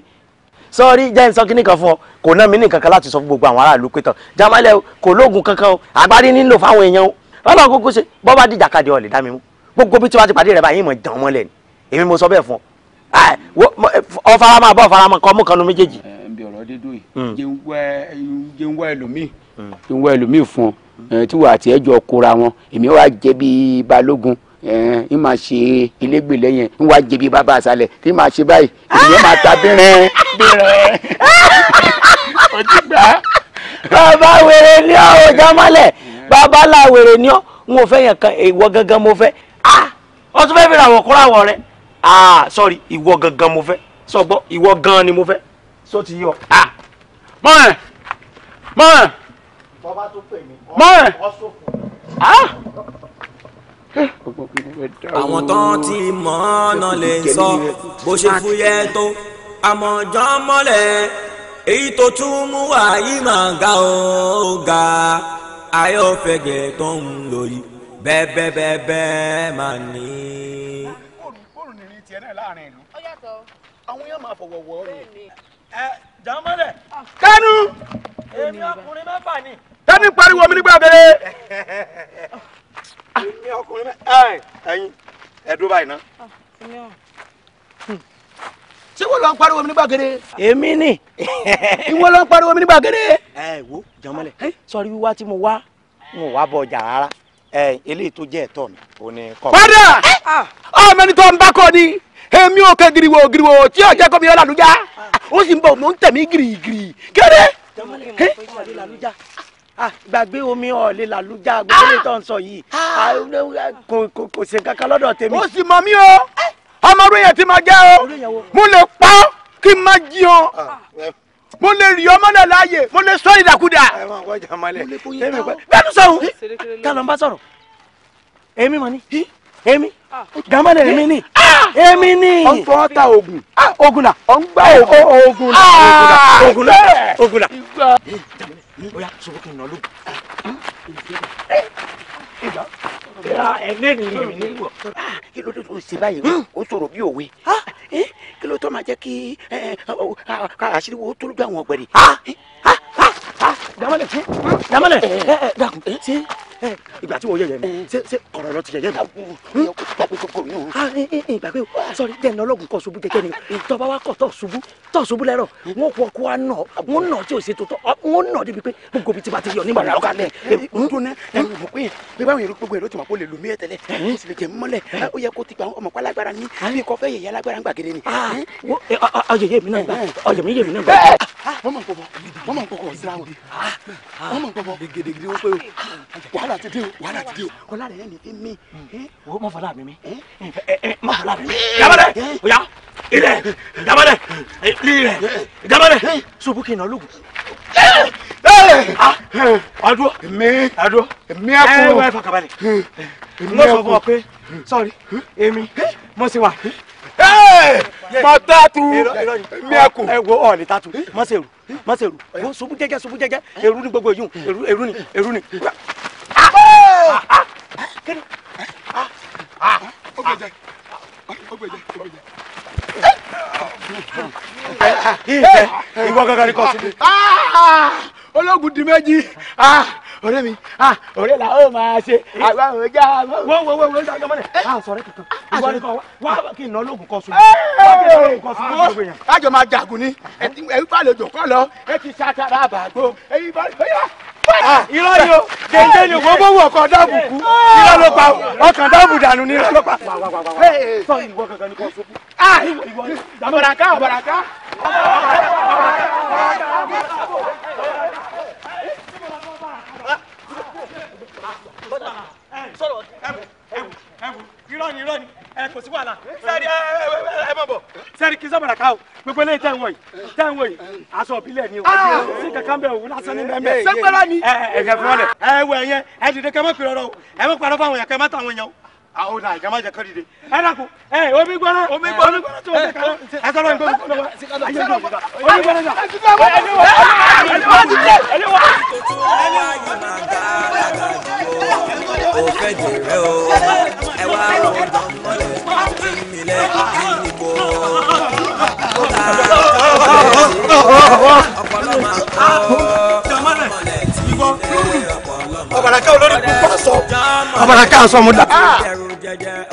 sọrí jẹ́ ń sọ kíní kan fún ọ kò ná mi ní kankan láti sọ fún gbogbo àwọn aráàlú pé tán jamalẹ kò lóògùn kankan o àgbárí nílò fáwọn èèyàn o ọlọ́run kúkú ṣe bọ́ bá dìjà kadì dá mi mú gbogbo bí tí wàá ti pàdé rẹ̀ báyìí mọ̀ jàn mọ́lẹ̀ ni èmi mo sọ bẹ́ẹ̀ fún ọ ọ faramọ́ àbọ̀ faramọ́ kọ́ mú kanú méjèèjì. ẹ hmm. ẹ bí ọ̀rọ̀ dédò yìí jẹun wá ẹlòmíì hmm. jẹun wá ẹlòmíì fún ọ Eh, tí wàá tiẹ̀ jọ kóra wọn èmi wàá jẹ́ bí balógun eh, ń máa ṣe ilégbèlè yẹn ń wàá jẹ́ bí bàbá àṣàlẹ̀ tí màá ṣe báyìí èmi máa ta bírẹ̀ bírẹ̀ ó ti gbà. bàbá wèrè ni ọ ò já mọ́lẹ̀ bàbá là wèrè ni ọ n ò fẹ́ yẹn kan ìwọ gangan mo fẹ́ ọ tún fẹ́ fi ràwọ̀ kúrò àwọ̀ rẹ sorry ìwọ gangan mo fẹ́ sọ gbọ́ ìwọ gan ni mo fẹ́ sọ ti yọ. mọ̀ ẹ́ bọ́bá tó pè mí wọ́n sọ fún mi. àwọn tán ti mọ̀ ọ́nà lè sọ bó ṣe fúyẹ́ tó àmọ̀jọ́ mọ́lẹ̀ èyí tó tún mú wá yìí máa ga ó ga ayọ̀fẹ́gẹ̀ tó ń lò yìí bẹ́ẹ̀bẹ́ẹ̀bẹ́ẹ̀ máa ní. kóòrùn ní ní tiẹ̀ náà láàrin ìlú. ó yàtọ̀. àwọn yóò máa fọwọ́ wọ́ ọ́ rẹ̀. ẹ jàmọ́lẹ̀. kánú. èmi ọkùnrin mẹ́fà ni ẹni pariwo mi nígbà bẹ̀rẹ̀. èmi ọkùnrin náà ẹyin ẹdún báyìí náà. ṣé wọ́n lọ ń pariwo mi nígbà gẹ́rẹ́. èmi ni. ìwọ lọ ń pariwo mi nígbà gẹ́rẹ́. ẹ wo jọmọlẹ sọrí wíwá tí mo wá mo wá bọ ọjà rárá eléyìí tó jẹ́ ẹ̀tọ́ mi ò ní kọ́. padà ọmọ ẹni tó ń bá kọ ni èmi ò kẹ giriwo giriwo tí ọjà kọ́ mi ọ̀làlújá ó sì ń bọ̀ mò ń tẹ̀mí girigiri kéré. jọmọlẹ kọ́ ọ̀làlújá. Ah, gbàgbé omi ọ̀lẹ́ làlújá gbogbo ilé tó ń sọ yìí ah. Ah, kò sí kankan lọ́dọ̀ tèmi. ó sì mọ mí o eh. ọmọ orí yẹn ti máa jẹ́ o mo lè pa ọ́ kí n má jí o mo lè rí ọmọ náà láàyè mo lè sọ ìdàkudà. bẹ́ẹ̀ ló sọ̀rọ̀ kálọ̀ ń bá sọ̀rọ̀ èmi mọ̀ ni èmi gamale èmi ni èmi ni. ọ̀n fọ́ ta oògùn. oògùn na. ọ̀n gbá oògùn. oògùn na oògùn na oògùn eh. na bóyá sọ̀rọ̀ kí n nà ló. ẹgbẹ́ mi mi ní wọ̀ kí ló dé tó ṣe báyìí hmm? ó sọ̀rọ̀ bí òwe eh? kí ló tó máa jẹ́ kí eh, eh, ah, ah, àṣírí wo tó lójú àwọn ọ̀gbẹ̀rì. dámọ̀lẹ̀ hmm? dámọ̀lẹ̀ dákun ṣé ìgbà tí wọ́n yẹ̀yẹ̀ mi eh. ṣé ṣé ọ̀rọ̀ lọ ti yẹ̀yẹ̀ mi. Hmm? Ah, eh, eh, ìgbà pé sọrí jẹ́ ní ọlọ́gùn kọ́ ṣubú kẹ̀kẹ́ ni tọ́ba wa kọ̀ tọ̀ ṣubú tọ̀ ṣubú lẹ́rọ̀ wọ́n kọ́ kó wa nà wọ́n nà tí o ṣe tó tọ́ wọ́n nà débi pé gbogbo ibi tí ba ti yọ nígbà náà kalẹ̀. dunu ẹ mọ pé bí báwọn yẹn gbogbo èrò tí wọn kò lè lu mí tẹ́lẹ̀ ó sì lè jẹ mọ́lẹ̀ ó yẹ kó ti gba ọmọ kó alágbára ní bí kò fẹ́ yẹ̀yẹ́ alágbára ń gbàgede ni. Ah, ah, ọyẹ yẹ mi náà gbà ọyẹ mi yẹ mi náà gbà. wọ́n mọ̀ ń kọ̀kọ̀ wọ́n mọ̀ ń kọ̀kọ̀ síra wọn wọ́n mọ̀ ń kọ̀kọ̀ wàhálà ti dé o wàhálà ti dé o ọlá rẹ ni fi mi. o ma fọlá mi mi eh? eh, eh, ma fọlá mi mi jabalẹ o ya ilẹ jabalẹ ilẹ jabalẹ sobu kì í nà ológun. adúró ah! mi adúró mi àpò ẹ wọ́n ẹ fà kabalẹ̀ mo sọ fún ọ pé sọ́ọ̀rì hmm? èmi mo sì wà ma tatu mi ẹkù. ẹ wo ọ lè tatu má ṣe rù má ṣe rù wo sobu jẹjẹ sobu jẹjẹ èrú ni gbogbo yìí èrú ni èrú ni ìwọ gangan ni kò sí mi. Ah, ah, ológun di méjì ah, ọ̀rẹ́ mi ọ̀rẹ́ la ó máa ṣe àgbà òjá. wo wo wo wo ṣàgbọ́n mọ́lẹ̀ a sọ̀rọ̀ kankan ìwọ ni kò wá kí n ná ológun kọ sùn. àjọ máa jagun ni ẹ bá lè jò kọ́ lọ ẹ ti ṣàkàrà àbàgbò ẹ yí bá lè. Ah, irọ́ ni o gèdè ni o gbogbo wù ọkọ̀ dáàbò kú irọ́ ló pa ọkàn dáàbò dànù ni irọ́ ló pa. sọ́ọ̀nì ah, ìwọ gangan ni kò sókè. ọ̀bàràká ọ̀bàràká. sọ̀rọ̀ ẹ̀ irọ́ ni irọ́ ni ẹ kò sí wàhálà sẹ́ẹ̀rì ẹ ẹ mọ̀ bọ̀ sẹ́ẹ̀rì kí sọ́mọ̀dà ká o gbogbo eléyìí tẹ̀ ń wọ̀ yìí tẹ̀ ń wọ̀ yìí aṣọ òbílẹ̀ ni o sí kankan bẹ̀ òun lásán ní mẹ́mẹ́ sẹ́gbẹ́rẹ́ ni ẹ ẹ ẹ ẹ wọ ẹ̀yẹn ẹ dìde kẹ́ mọ́ pè rọrọ o ẹ mọ́ parọ́ fáwọn yẹn kẹ́ mọ́ tàwọn yẹn o àwọn ọ̀nà àìjàmá jẹ kọ́dìdè ẹ dàkú ẹ omi gbọ́nà omi gbọ́nà tó wọ́n ká ẹ tọ́lọ́ ìgbọ́n tó lọ́wọ́ ayé ló omi gbọ́nà náà ẹ ti tẹ́ ẹ ní wọ́n ẹ ní wọ́n ti tẹ́ ẹ ní wọ́n. o fẹ́ jèrè o ẹ wá lọ dánmọ́lẹ̀ kí mi lẹ́ kí mi bọ̀ ó gan ọ̀bàràká olórí púpọ̀ sọ ọ̀bàràká sọ mo ah!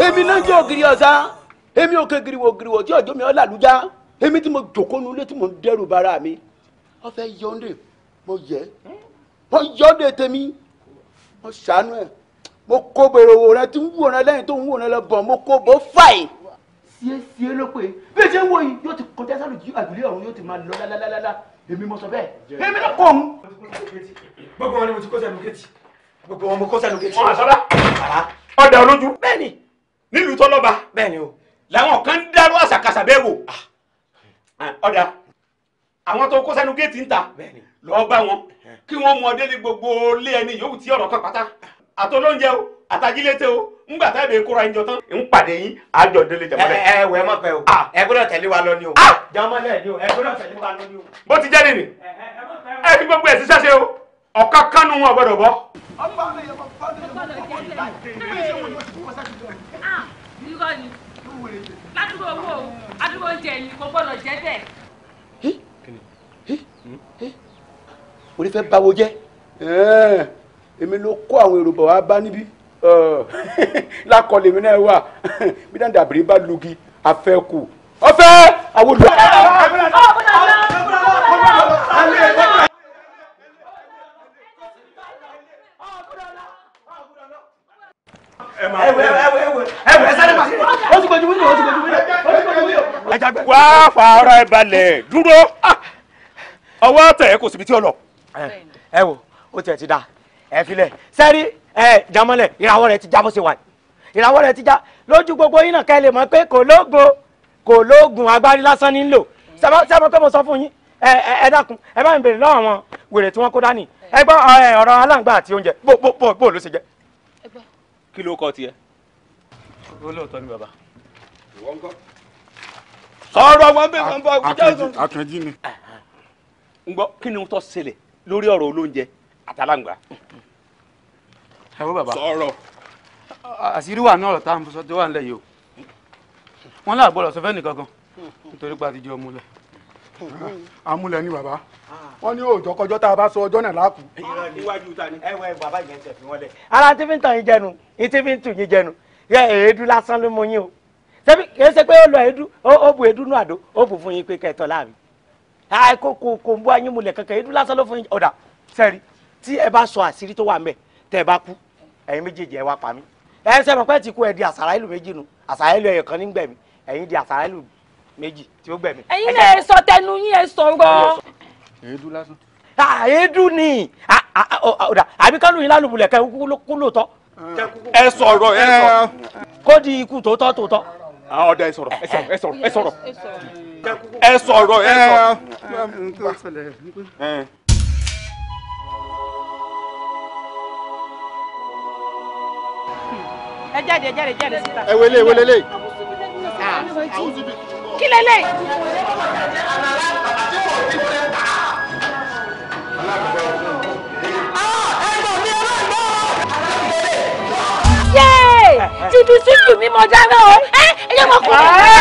èmi náà jẹ́ ògiri ọ̀sá èmi ò kegiri wo giri wò tí ọjọ́ mi ọ̀ làlújá èmi tí mo jòkó nu ilé mo ń bara mi wọ́n fẹ́ mo yẹ mo yọ ọ́ mo ṣàánú ẹ̀ mo kó bèrè owó rẹ tí ń wò rẹ lẹ́yìn tó ń wò rẹ lọ bọ̀ mo kó bó fàì. síé síé ló pé bí ẹ ṣe ń wò yìí yóò ti kọjá sálùjú àdúlé ọ̀run yóò ti máa lọ lálálálá èmi mo sọ bẹ́ẹ̀ èmi ló kọ̀ ọ́n gbogbo wọn ni mo ti kó sẹ́nu géètì gbogbo wọn mo kó sẹ́nu géètì. wọn àsọlá ọdẹ olójú. bẹ́ẹ̀ni nílùú tọlọba. bẹ́ẹ̀ni o. làwọn kan ń dárú àṣàkáṣà bẹ́ẹ̀ wò. Ah. Ah, ọdà àwọn tó kó sẹ́nu géètì ń ta lọ́ọ́ bá wọn eh. kí wọ́n mú ọdẹ ní gbogbo lé ẹni yòówù tí ọ̀rọ̀ kan pátá àtọ́lóúnjẹ o àtàjílété o ngbà tá ìbè kóra ẹnjọ tán. ń pàdé yín àjọ délé jamalẹ. Eh, eh, ah. ẹ ẹ wẹ mọ o ẹ gbọ́dọ̀ tẹ̀lé wa lọ ni o. jamalẹ ni o ẹ gbọ́dọ̀ wa lọ o. bó ti jáde ni ẹ fi gbogbo ẹ sísá ṣe o ọ̀ka kánú wọn gbọ́dọ̀ bọ́. ládùúgbò owó adúgbò oúnjẹ yìí kò gbọ́dọ̀ jẹ́ bẹ́ẹ̀. orí fẹ́ báwo jẹ́ èmi ló kó àwọn èrò bọ̀ wá bá níbí lákọlẹ̀ mi náà wà bí dáńdà àbúrí bá lugi afẹ́kù ọ̀fẹ́ àwọn olùdarí. wá fàárọ̀ ẹ balẹ̀ dúró ah. ọwọ́ tẹ̀ ẹ́ kò síbi tí ó lọ. ẹ wo ó tiẹ̀ ti da ẹ filẹ̀ sẹ́rí ẹ jamọ́lẹ̀ ìràwọ̀ rẹ̀ ti já bó ṣe wà ìràwọ̀ rẹ̀ ti já lójú gbogbo yín náà kẹ́ lè mọ̀ pé kò lóògùn kò lóògùn agbárí lásán ní lò sẹ́mọ́ pé mo sọ fún yín ẹ dákun ẹ bá mi bèrè lọ́wọ́ àwọn wèrè tí wọ́n kó dání ẹ gbọ́ ọ̀rọ̀ aláǹgbá àti oúnjẹ bó bó bó ló ṣe jẹ́ kí ló kọ tiẹ̀. olóòótọ́ ni bàbá. ìwọ ń kọ́. sọ̀rọ̀ wọn bẹ́ẹ̀ kan bọ̀ wíjà sọ. akànjí ni. ń gbọ́ kí ni tó ṣẹlẹ̀ lórí ọ̀rọ̀ olóúnjẹ àtàlàǹgbà. ẹ wo bàbá. sọ̀rọ̀. àṣírí wà ní ọ̀rọ̀ tá à tó wà nílẹ̀ yìí o wọ́n láàbọ̀ lọ sọ fẹ́ nìkan kan nítorí pé a ti jẹ́ ọmọ lẹ̀. amúlẹ̀ ni bàbá wọ́n ní òòjọ́ kọjọ́ tá a bá sọ ọjọ́ náà láàkú. iwájú ta ni ẹwẹ bàbá yẹn tẹ fi wọn lẹ. ara tí fi ń tàn yín jẹnu yín tí fi ń tù yín jẹnu yẹ èédú lásán ló mú yín o ṣebí kì í ṣe pé ó lọ èédú ó bu èédú nù àdó ó bù fún yín pé kẹtọ láàrin ẹ kò kò kò ń bú ayín mulẹ̀ kankan èédú lásán ló fún yín ọ̀dà sẹ́rí tí ẹ bá sọ àṣírí tó wà mẹ́ tẹ́ ẹ bá kú ẹ̀yin méjèèjì ẹ wá pa mí ẹ ṣe mọ̀ pé ti kú ẹ di àṣàrà ìlú méjì nu àṣàrà ìlú ẹ̀yọ̀ kan nígbẹ̀mí ẹ̀yin di àṣàrà ìlú méjì tí ó gbẹ̀mí. ẹ̀yin náà ẹ sọ tẹnu yín ẹ sọ̀rọ̀. èédú lásán. èédú ni àbí kánú yín lálùbùlẹ̀ kẹ́ kú lóòótọ́. ẹ sọ̀rọ̀ ẹ sọ̀rọ̀. kó di ikú tòótọ́ tòótọ́. ọ̀dà ẹ sọ̀rọ̀ ẹ sọ̀rọ̀ ẹ sọ̀rọ̀ ẹ sọ̀rọ̀ ẹ sọ̀rọ̀. ẹ jáde ẹ jáde jáde síta. ẹ wele wele le. àwọn síbi kí lélẹ̀. yéé tìtù sílù mímọ jáde o ẹ ẹ yẹ mọ kúrò.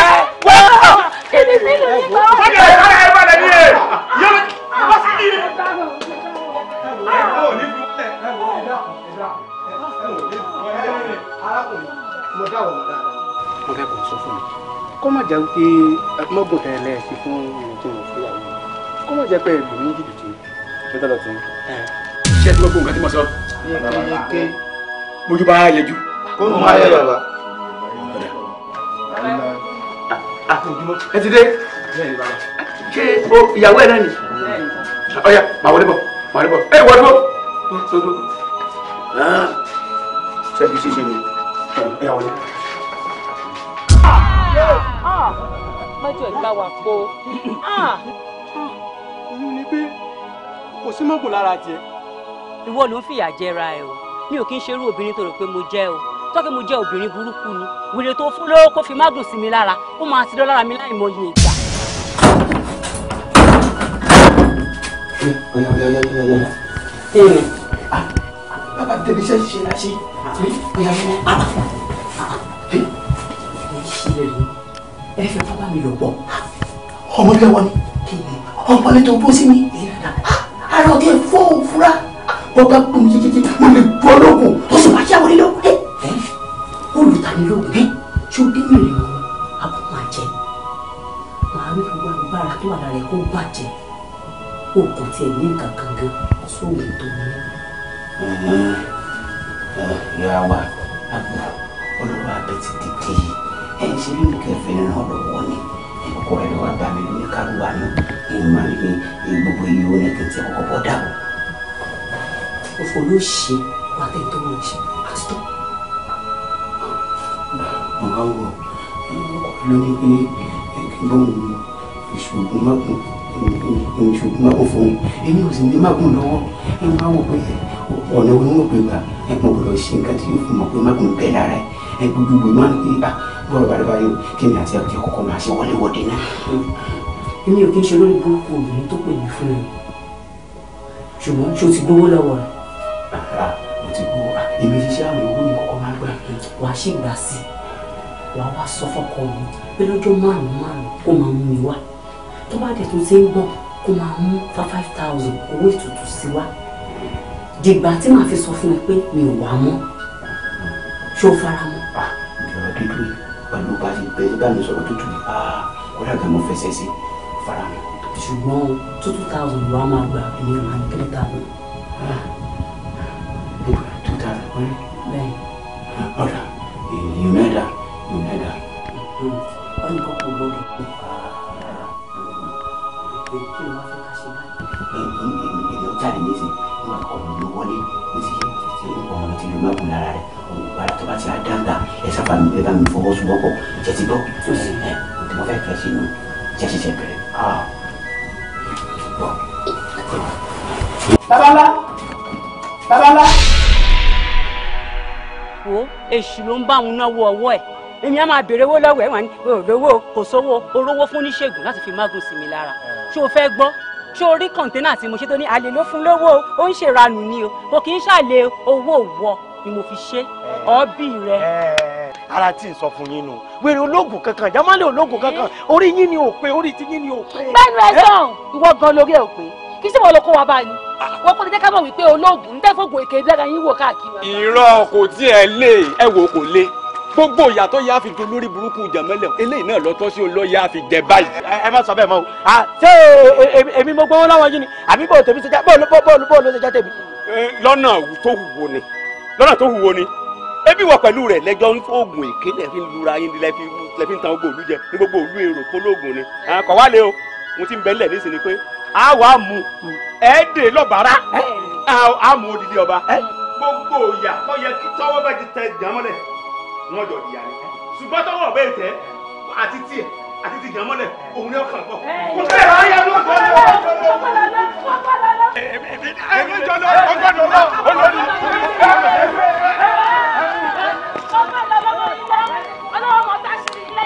kó má jẹ́ pé mọ́gùn tẹ̀ lẹ́ sí fún ìrìn tó ń fi àwọn kó má jẹ́ pé ẹ̀lú ní jìbìtì tó tọ́lọ̀ tó ń. ṣé ẹ ti gbogbo nǹkan tí mo sọ. mojú bá yẹjú. kó o máa yẹ bàbá. ẹ ti dé ṣé ìyàwó ẹ náà ni ọ̀ya màá wọlé bọ̀ màá wọlé bọ̀ ẹ wọ́n tó. Ah. ṣé ibi ṣíṣe ni ẹ wọlé. Ah, mẹ́jọ ìgbà wà po. Ah. oyún ni pé kò sí mọ́kò lára tiẹ̀. ìwọ ló ń fìyà jẹra ẹ o mi ò kí ń ṣerú obìnrin tó rò pé mo jẹ́ o tọ́kì mo jẹ́ obìnrin burúkú ni wèrè tó fún lówó kó fi má dùn sí mi lára ó máa ti dán lára mi láì mọyì ìgbà. bàbá tẹ̀lé iṣẹ́ ṣe láṣẹ ẹ fẹ́ bàbá mi lò pọ̀ ọmọ lọ́wọ́ ni ọmọ lẹ́tọ̀ bó sí mi ara ọ̀tí ẹ̀ fọ́ òfurá bọ́gá kún mi jíjíjí mo lè bu ọlọ́gùn tó sì máa yáwó nílò ẹ olùtanilógun ẹ tí ó bímọ rẹ mọ àbọ̀ máa jẹ màá rí gbogbo agbára tó wà lára ẹ kó bàjẹ́ oògùn tiẹ̀ ní nǹkan kan gan sóògùn tó ní. ìyá wa àgbà olówó abẹ ti dìde yìí ẹ̀yìn ṣe bí nìkan fẹ́ ràn lọ́wọ́ ni ọkọ rẹ̀ lọ́wọ́ bá mi lórí kárùwá náà èyí máa ní pé gbogbo iye owó nìkan ti kọ́kọ́ bọ́ dà o. òfò ló ṣe wà tẹ́ tó mọ̀ ṣe àti tó. mo máa ń wọ lórí pé gbọ́n ìṣògùn mágùn ìṣògùn mágùn fún mi èmi ò sì ní mágùn lọ́wọ́ ẹ máa wọ pé ọ̀nà oníwọ̀n gbégbá ẹ mọ̀ gbọ́dọ̀ ṣe nǹkan tí yóò fún mọ̀ pé mágùn bẹ́ẹ̀ lára ẹ̀ ẹ gbogbo ìgbìmọ̀ máa ń pè bá bọ́ọ̀rọ̀ bá lọ́ba yóò kí ni àti àbújá kọ́kọ́ máa ṣe wọléwọ̀de náà. èmi ò kí ń ṣe lórí burúkú obìnrin tó pè mí fún mi ṣùgbọ́n ṣé o ti gbówó lọ́wọ́ rẹ̀. àrà mo ti gbó ah, èmi ṣiṣẹ́ àwọn owó yìí kọ́kọ́ máa gbà. wà á ṣègbà sí i wà á wá sọ fọkọ mi pé lọ́jọ́ márùn-ún márùn-ún kó máa mú mi wá tó bá dẹ̀ tó ṣe ń gbọ̀n kó máa mú five thousand owó ìtùtù sí wa dìgbà tí màá fi sọ fún ẹ pé mi ò wá mọ́ dúdú pẹ̀lú bá ti bẹ̀rẹ̀ bá mi sọ̀rọ̀ tútù yìí ah kódà gan mo fẹsẹ̀ sí fara mi. ṣùgbọ́n two two thousand ló wá máa gbà èmi máa ní three thousand. two thousand bẹ́ẹ̀. ọ̀dà èyí mẹ́ta èyí mẹ́ta. wọ́n ní kọ́kọ́ gbọ́dọ̀ kú. èyí kí ló wá fẹ́ ká ṣe báyìí. èyí èyí ọjà lè ní sí ní àkọ́kọ́ ló wọlé ní ti yẹ ọmọ mi ti lè má kun lára rẹ olùgbàlà tó bá ti á dàgbà ẹ sábà mi bá mi fọwọ́sowọ́pọ̀ jẹ ti gbọ́ ẹ tí wọ́n fẹ́ kẹ́ sí inú jẹ́ ṣiṣẹ́ bẹ̀rẹ̀. babalá babalá. wo èṣù ló ń bá àwọn náà ọwọ́ ẹ̀ èmi á máa béèrè owó lọ́wọ́ ẹ̀ wọ́n ní kò sówó olówó fún oníṣègùn láti fi mágùn sí mi lára ṣé o fẹ́ gbọ́ sórí kọ̀ǹténà tí mo ṣe tó ní àlè ló fún lówó ó ń ṣèranù ni o kò kì í ṣàlè owó òwò ni mo fi ṣe ọbí rẹ. Eh, ara tí ń sọ fún yín nu wèrè ológun kankan jamale ológun kankan orí yín ni ò pé orí ti yín ni ò pé. bẹ́ẹ̀ni ẹ eh? sàn ìwọ gan lórí ẹ ò pé kí sí wọn ló kó wa bá ní ah. wọn kò ní jẹ́ ká mọ̀ wípé ológun ń tẹ́ fògùn èké dára yín wò káàkiri. irọ́ kò tí lé ẹ kò lé gbogbo ìyà tó yá fi do lórí burúkú jẹ̀mẹ́lẹ̀ eléyìí náà lọ́tọ́ sí olóyè yá fi jẹ báyìí. ẹ má sọ bẹ́ẹ̀ mọ́ o ṣé e, e, èmi mo gbowó láwọn yìí ni àbí bò tèmi ṣe jẹ́ bóòlù bóòlù bóòlù ṣe jẹ́ tèmi. lọ́nà tó wúwo ni lọ́nà tó wúwo ni ebi wọ pẹ̀lú rẹ̀ lẹ́jọ́ ń fóògùn èké lẹ́fi ń lura yín lẹ́fi ń tan gbogbo òlu jẹ ní gbogbo òlu èrò kólóògùn ni kọ̀ wá lé o mo ti ń bẹ́lẹ̀ nísìnyí pé a wà á mu ẹ̀ẹ́dẹ̀ lọ́bàárà a mú odidi ọba gbogbo ìyà tó yẹ kí tọ́wọ́ bá ti tẹ jàmọ́lẹ̀ wọn jọ ìyá ni ṣùgbọ́n tọwọ́ bẹ́ẹ̀ tẹ́ àti tiẹ̀ àti ti jàn mọ́lẹ̀ òun ni ọkàn pọ̀. kò sí ẹ̀rọ ayé ló kọ́ lọ. èmi jọ lọ ọgbọ́n lọ olórí. ọgbọ́n lọ lọ́wọ́ ilé ọlọ́wọ́ mọ́tà sí ilé.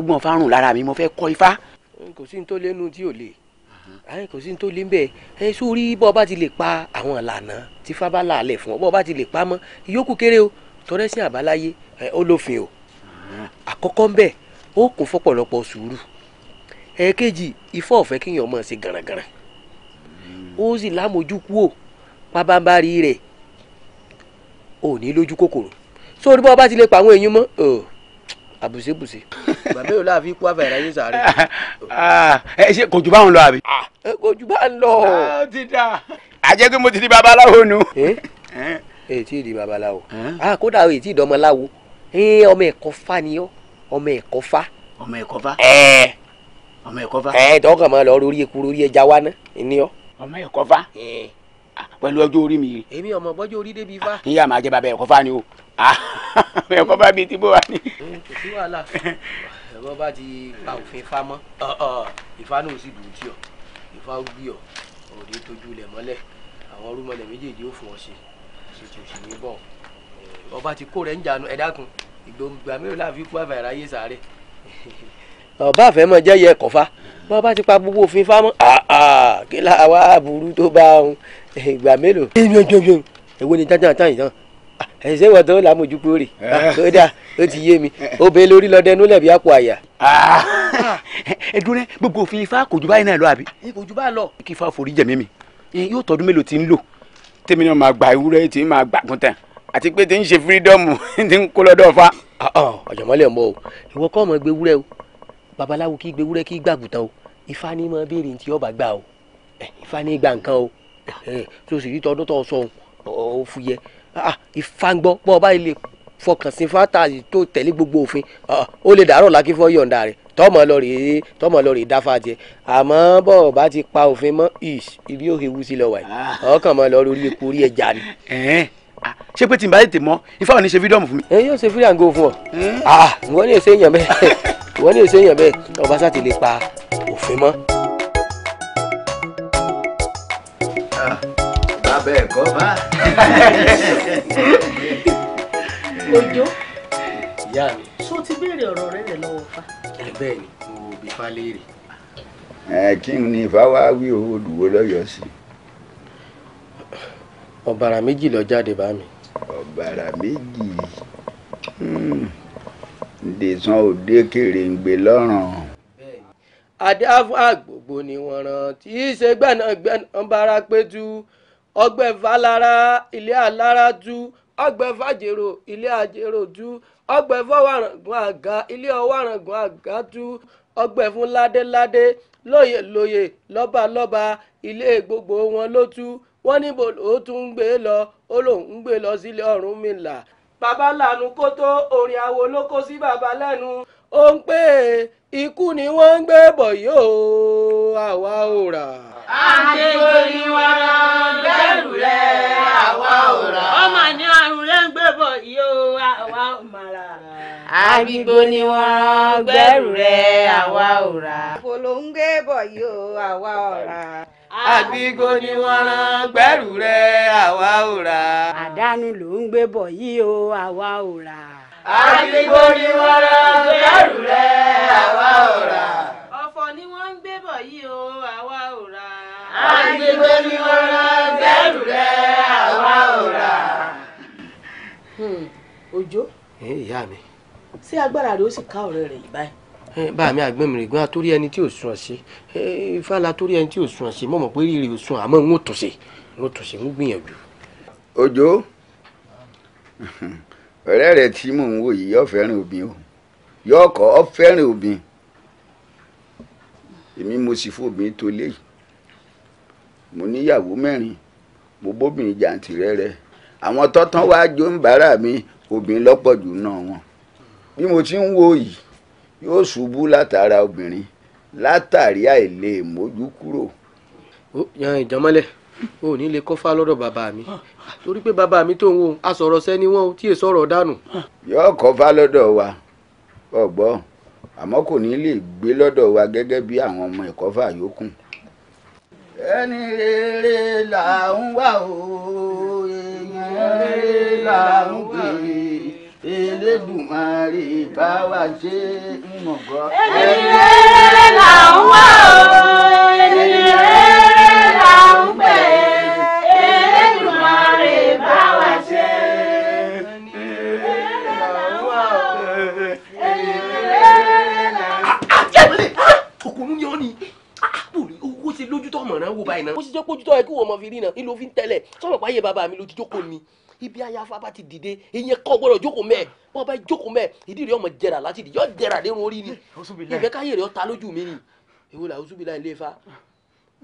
balógun ọ̀fà rùn lára mi mo fẹ́ kọ́ ifá. kò sí ní tó lẹ́nu tí ò lè kò sí ní tó lé ń bẹ̀ ẹ sórí bọ́ọ̀ bá ti lè pa àwọn ìlànà tí fábá làálẹ̀ fún ọ bọ́ọ̀ bá ti lè pa mọ́ ìyókù kéré o tọrẹ́sìn àbáláyé ó lófin o àkọ́kọ́ ń bẹ̀ ó kún fọ́pọ̀lọpọ̀ sùúrù ẹ̀ẹ́kejì ifọ̀ ọ̀fẹ́ kéèyàn mọ̀ ṣe gàràngàràn ó sì lámojú kú ò pabambari rẹ̀ ò ní lójú kòkòrò sórí bọ́ọ̀ bá ti lè pa àwọn èèyàn mọ́ àbùsẹ̀bùsẹ̀. bàbá yóò láàfin kú àfàìrà yín sàárè. ẹ ah, eh, ṣe kò jù bá ń lọ àbí. Ah, eh, kò jù bá ń lọ. Ah, ti da. àjẹ́ pé mo ti di babaláwo nu. ẹ eh? ti di babaláwo kódà ẹ ti di ọmọláwo ọmọ ẹ̀kọ́ fa ni ọ ọmọ ẹ̀kọ́ fa. ọmọ ẹ̀kọ́ fa. ẹ ọmọ ẹ̀kọ́ fa. ẹ tọkàn máa lọ lórí eku lórí ẹja wa ná ni ọ. ọmọ ẹ̀kọ́ fa pẹ̀lú ọjọ́ orí mi. èmi ọmọ bọ́jọ́ orí débi fa. ìyá màá jẹ bàbá ẹ̀kọ́ fa ni o. Ah, ẹ̀kọ́ bá bíi tí bó wà ní. Hmm, kò sí wàhálà ẹ̀rọ bá ti pa òfin fa mọ́ ìfa náà sì dùn tí ọ ìfa ó gbé ọ òde tójú ilẹ̀ mọ́lẹ̀ àwọn orúmọlẹ̀ méjèèjì ó fún ọ ṣe ṣètò òsì ní bọ̀ ọba ti kó rẹ̀ ń jànú ẹ̀dá kan ìgbà mélòó láàfin kú àfàì ráyè sáré. ọba àfẹ́ mọ jẹ́ yẹ kọ̀fà bọ́ bá ti pa gbogbo òfin fa mọ́ kí láwa burú tó bá ń ìgbà mélòó. ewé ni tájà táyì náà ẹsẹ wọn tó lámójú péré eh. ah, ó dà ó ti yé mi eh. obè lórí lọdẹ inú lẹbi àpò àyà. Ah. Ah, ẹdun rẹ gbogbo òfin ifá kò ju báyìí náà lọ àbí. kò ju báyìí lọ. kí ifá forí jẹ̀mí mi yóò tọdún mélòó tí ń lò. tèmi náà máa gba ewúrẹ́ tí ń máa gbà kúntàn àti pé tí ń ṣe fírídọ́ọ̀mù tí ń kó lọ́dọ̀ fa. ọ̀jọ̀mọ́lẹ̀ ọmọ o ìwọ kọ́ ọmọ gbé wúrẹ́ o babaláwo kí gbé wúrẹ́ kí gbàgùtàn o ifá ní mọ béèrè ti ọba gbà o eh, ifá ní gbà nǹkan o tó sì rí tọdún tó sọ òun ò fúyẹ́ Ah, ìfangbọ́ bọ́ ọ báyìí lè fọkàn sí fata tó tẹ̀lé gbogbo òfin ah, ó lè dàárọ̀ lákì fọ́ yọ̀ǹda rẹ̀ tọ́mọ lọ rèé tọ́mọ lọ rèé dáfà jẹ àmọ́ bọ́ ọ bá ti pa òfin mọ́ ish ibi ó hewu sí lọ wà yìí ah. ọkàn mọ́ lọ lórí epo orí ẹja ni. Ah, ṣé pé tí n bá tètè mọ ifá ò ní ṣe fídíọ̀mù fún mi. ẹ yóò ṣe fídíọ̀mù go fún ọ wọ́n ní èsè èèyàn bẹ́ẹ̀ wọ́n ní èsè èèyàn bẹ́ẹ̀ ọba sá ti lè pa òfin mọ́ bẹ́ẹ̀ kọ́ bá. òjò ìyá mi. ṣó o ti béèrè ọ̀rọ̀ rẹ̀ rẹ̀ lọ́wọ́ fa. ẹ bẹ́ẹ̀ ni mo bí fa léèrè. ẹ kí ni ifá wá wí owó dùwó lọ́yọ̀ọ́ sí. ọ̀bàrà méjì lọ jáde bá mi. ọ̀bàrà méjì hmm. ǹdẹ̀sán òde kèrè ń gbé lọ́rùn adáfà gbogbo ni wọ́n rán tí í ṣe gbẹ̀nàgbẹ̀nà bára péjú ọgbẹ́fà lára ilé alára du ọgbẹ́fà jèrò ilé àjèrò du ọgbẹ́fà wàràngún àga ilé ọwàràngún àga du ọgbẹ́fún ládéládé lóyè lóyè lọ́ba lọ́ba ilé gbogbo wọn ló tú wọ́n níbo ló tún ń gbé lọ ó lòun ń gbé lọ sílé Ọ̀rúnmìlà. bàbá lànà kótó orin àwo ló kó sí bàbá lẹ́nu. ó ń pè ikú ni wọ́n ń gbé bọ̀ yóò àwa ò rà. àgbègbè ni wọ́n rà gbẹ́rù rẹ̀ àwa ò rà. ọmọ ní àrùn rẹ̀ ń gbé bọ̀ yóò àwa ò mà rà. àgbègbè ni wọ́n rà gbẹ́rù rẹ̀ àwa ò rà. àpòlò ń gbé bọ̀ yóò àwa ò rà àgbígbó ni wọ́n rán gbẹ́rù rẹ̀ àwa ò rà. àdánù ló ń gbé bọ̀ yìí o àwa ò rà àtìgbò ni wọ́n ra bẹ́rù rẹ̀ àwa ò rà. ọ̀fọ̀ ni wọ́n ń gbé bọ̀ yìí o àwa ò rà. àtìgbò ni wọ́n ra bẹ́rù rẹ̀ àwa ò rà. òjò. ẹ ìyá mi. ṣé agbára rẹ ó sì ká ọ̀rẹ́ rẹ yìí báyìí bá mi àgbẹ̀mìrìgbọ́n àtórí ẹni tí ò sùn ọ̀sẹ̀ ìfàlà àtórí ẹni tí ò sùn ọ̀sẹ̀ mọ̀mọ́ pé rírì ò sùn àmọ́ ń ó tòṣe ń ó tòṣe ń gbìyànjú. òjò ọ̀rẹ́ rẹ tí mò ń wò yìí yọ fẹ́ràn obìn o yọ ọkọ ọ fẹ́ràn obìn èmi mo sì fún obìn tó lé yìí mo níyàwó mẹ́rin mo bóbìnrin jàǹtìrẹ́ rẹ àwọn tọ́tán wá jó ń bára mi obìn lọ́pọ̀ jù náà wọn bí mo ti ń wò yìí yóò ṣubú látara obìnrin látàrí àìlè mójú kúrò. ó yan ìjọmọ́lẹ̀ o ò ní lè kọ́fà lọ́dọ̀ bàbá mi torí pé bàbá mi tó ń wo asọ̀rọ̀ sẹ́ni wọn tí èso ọ̀rọ̀ dànù. yóò kọ́fà lọ́dọ̀ wa ọ̀gbọ́n àmọ́ kò ní lè gbé lọ́dọ̀ wa gẹ́gẹ́ bí àwọn ọmọ ìkọ́fà yòókù. ẹni rere là ń wá o èèyàn rere là ń pèrè Elédùmarè bá wa ṣe ń mọ̀gọ́. ẹni rere là ń wá o. ṣe lójú tó mọ̀ràn wò báyìí náà ó sì jẹ́ pójú tó kí wọ́n mọ̀ fi rí náà ìlú òfin tẹ́lẹ̀ sọ̀rọ̀ páyé bàbá mi lójú jókòó ni ibi ayafa bá ti dìde ìyẹn kọ́ gbọ́dọ̀ jókòó mẹ́ẹ̀ wọ́n bá jókòó mẹ́ẹ̀ ìdí rẹ̀ ọmọ jẹrà láti dì yọ jẹrà lérun orí ni ìfẹ́ káyé rẹ̀ ọta lójú mi ni èwo làwọn súbìlà ilé fa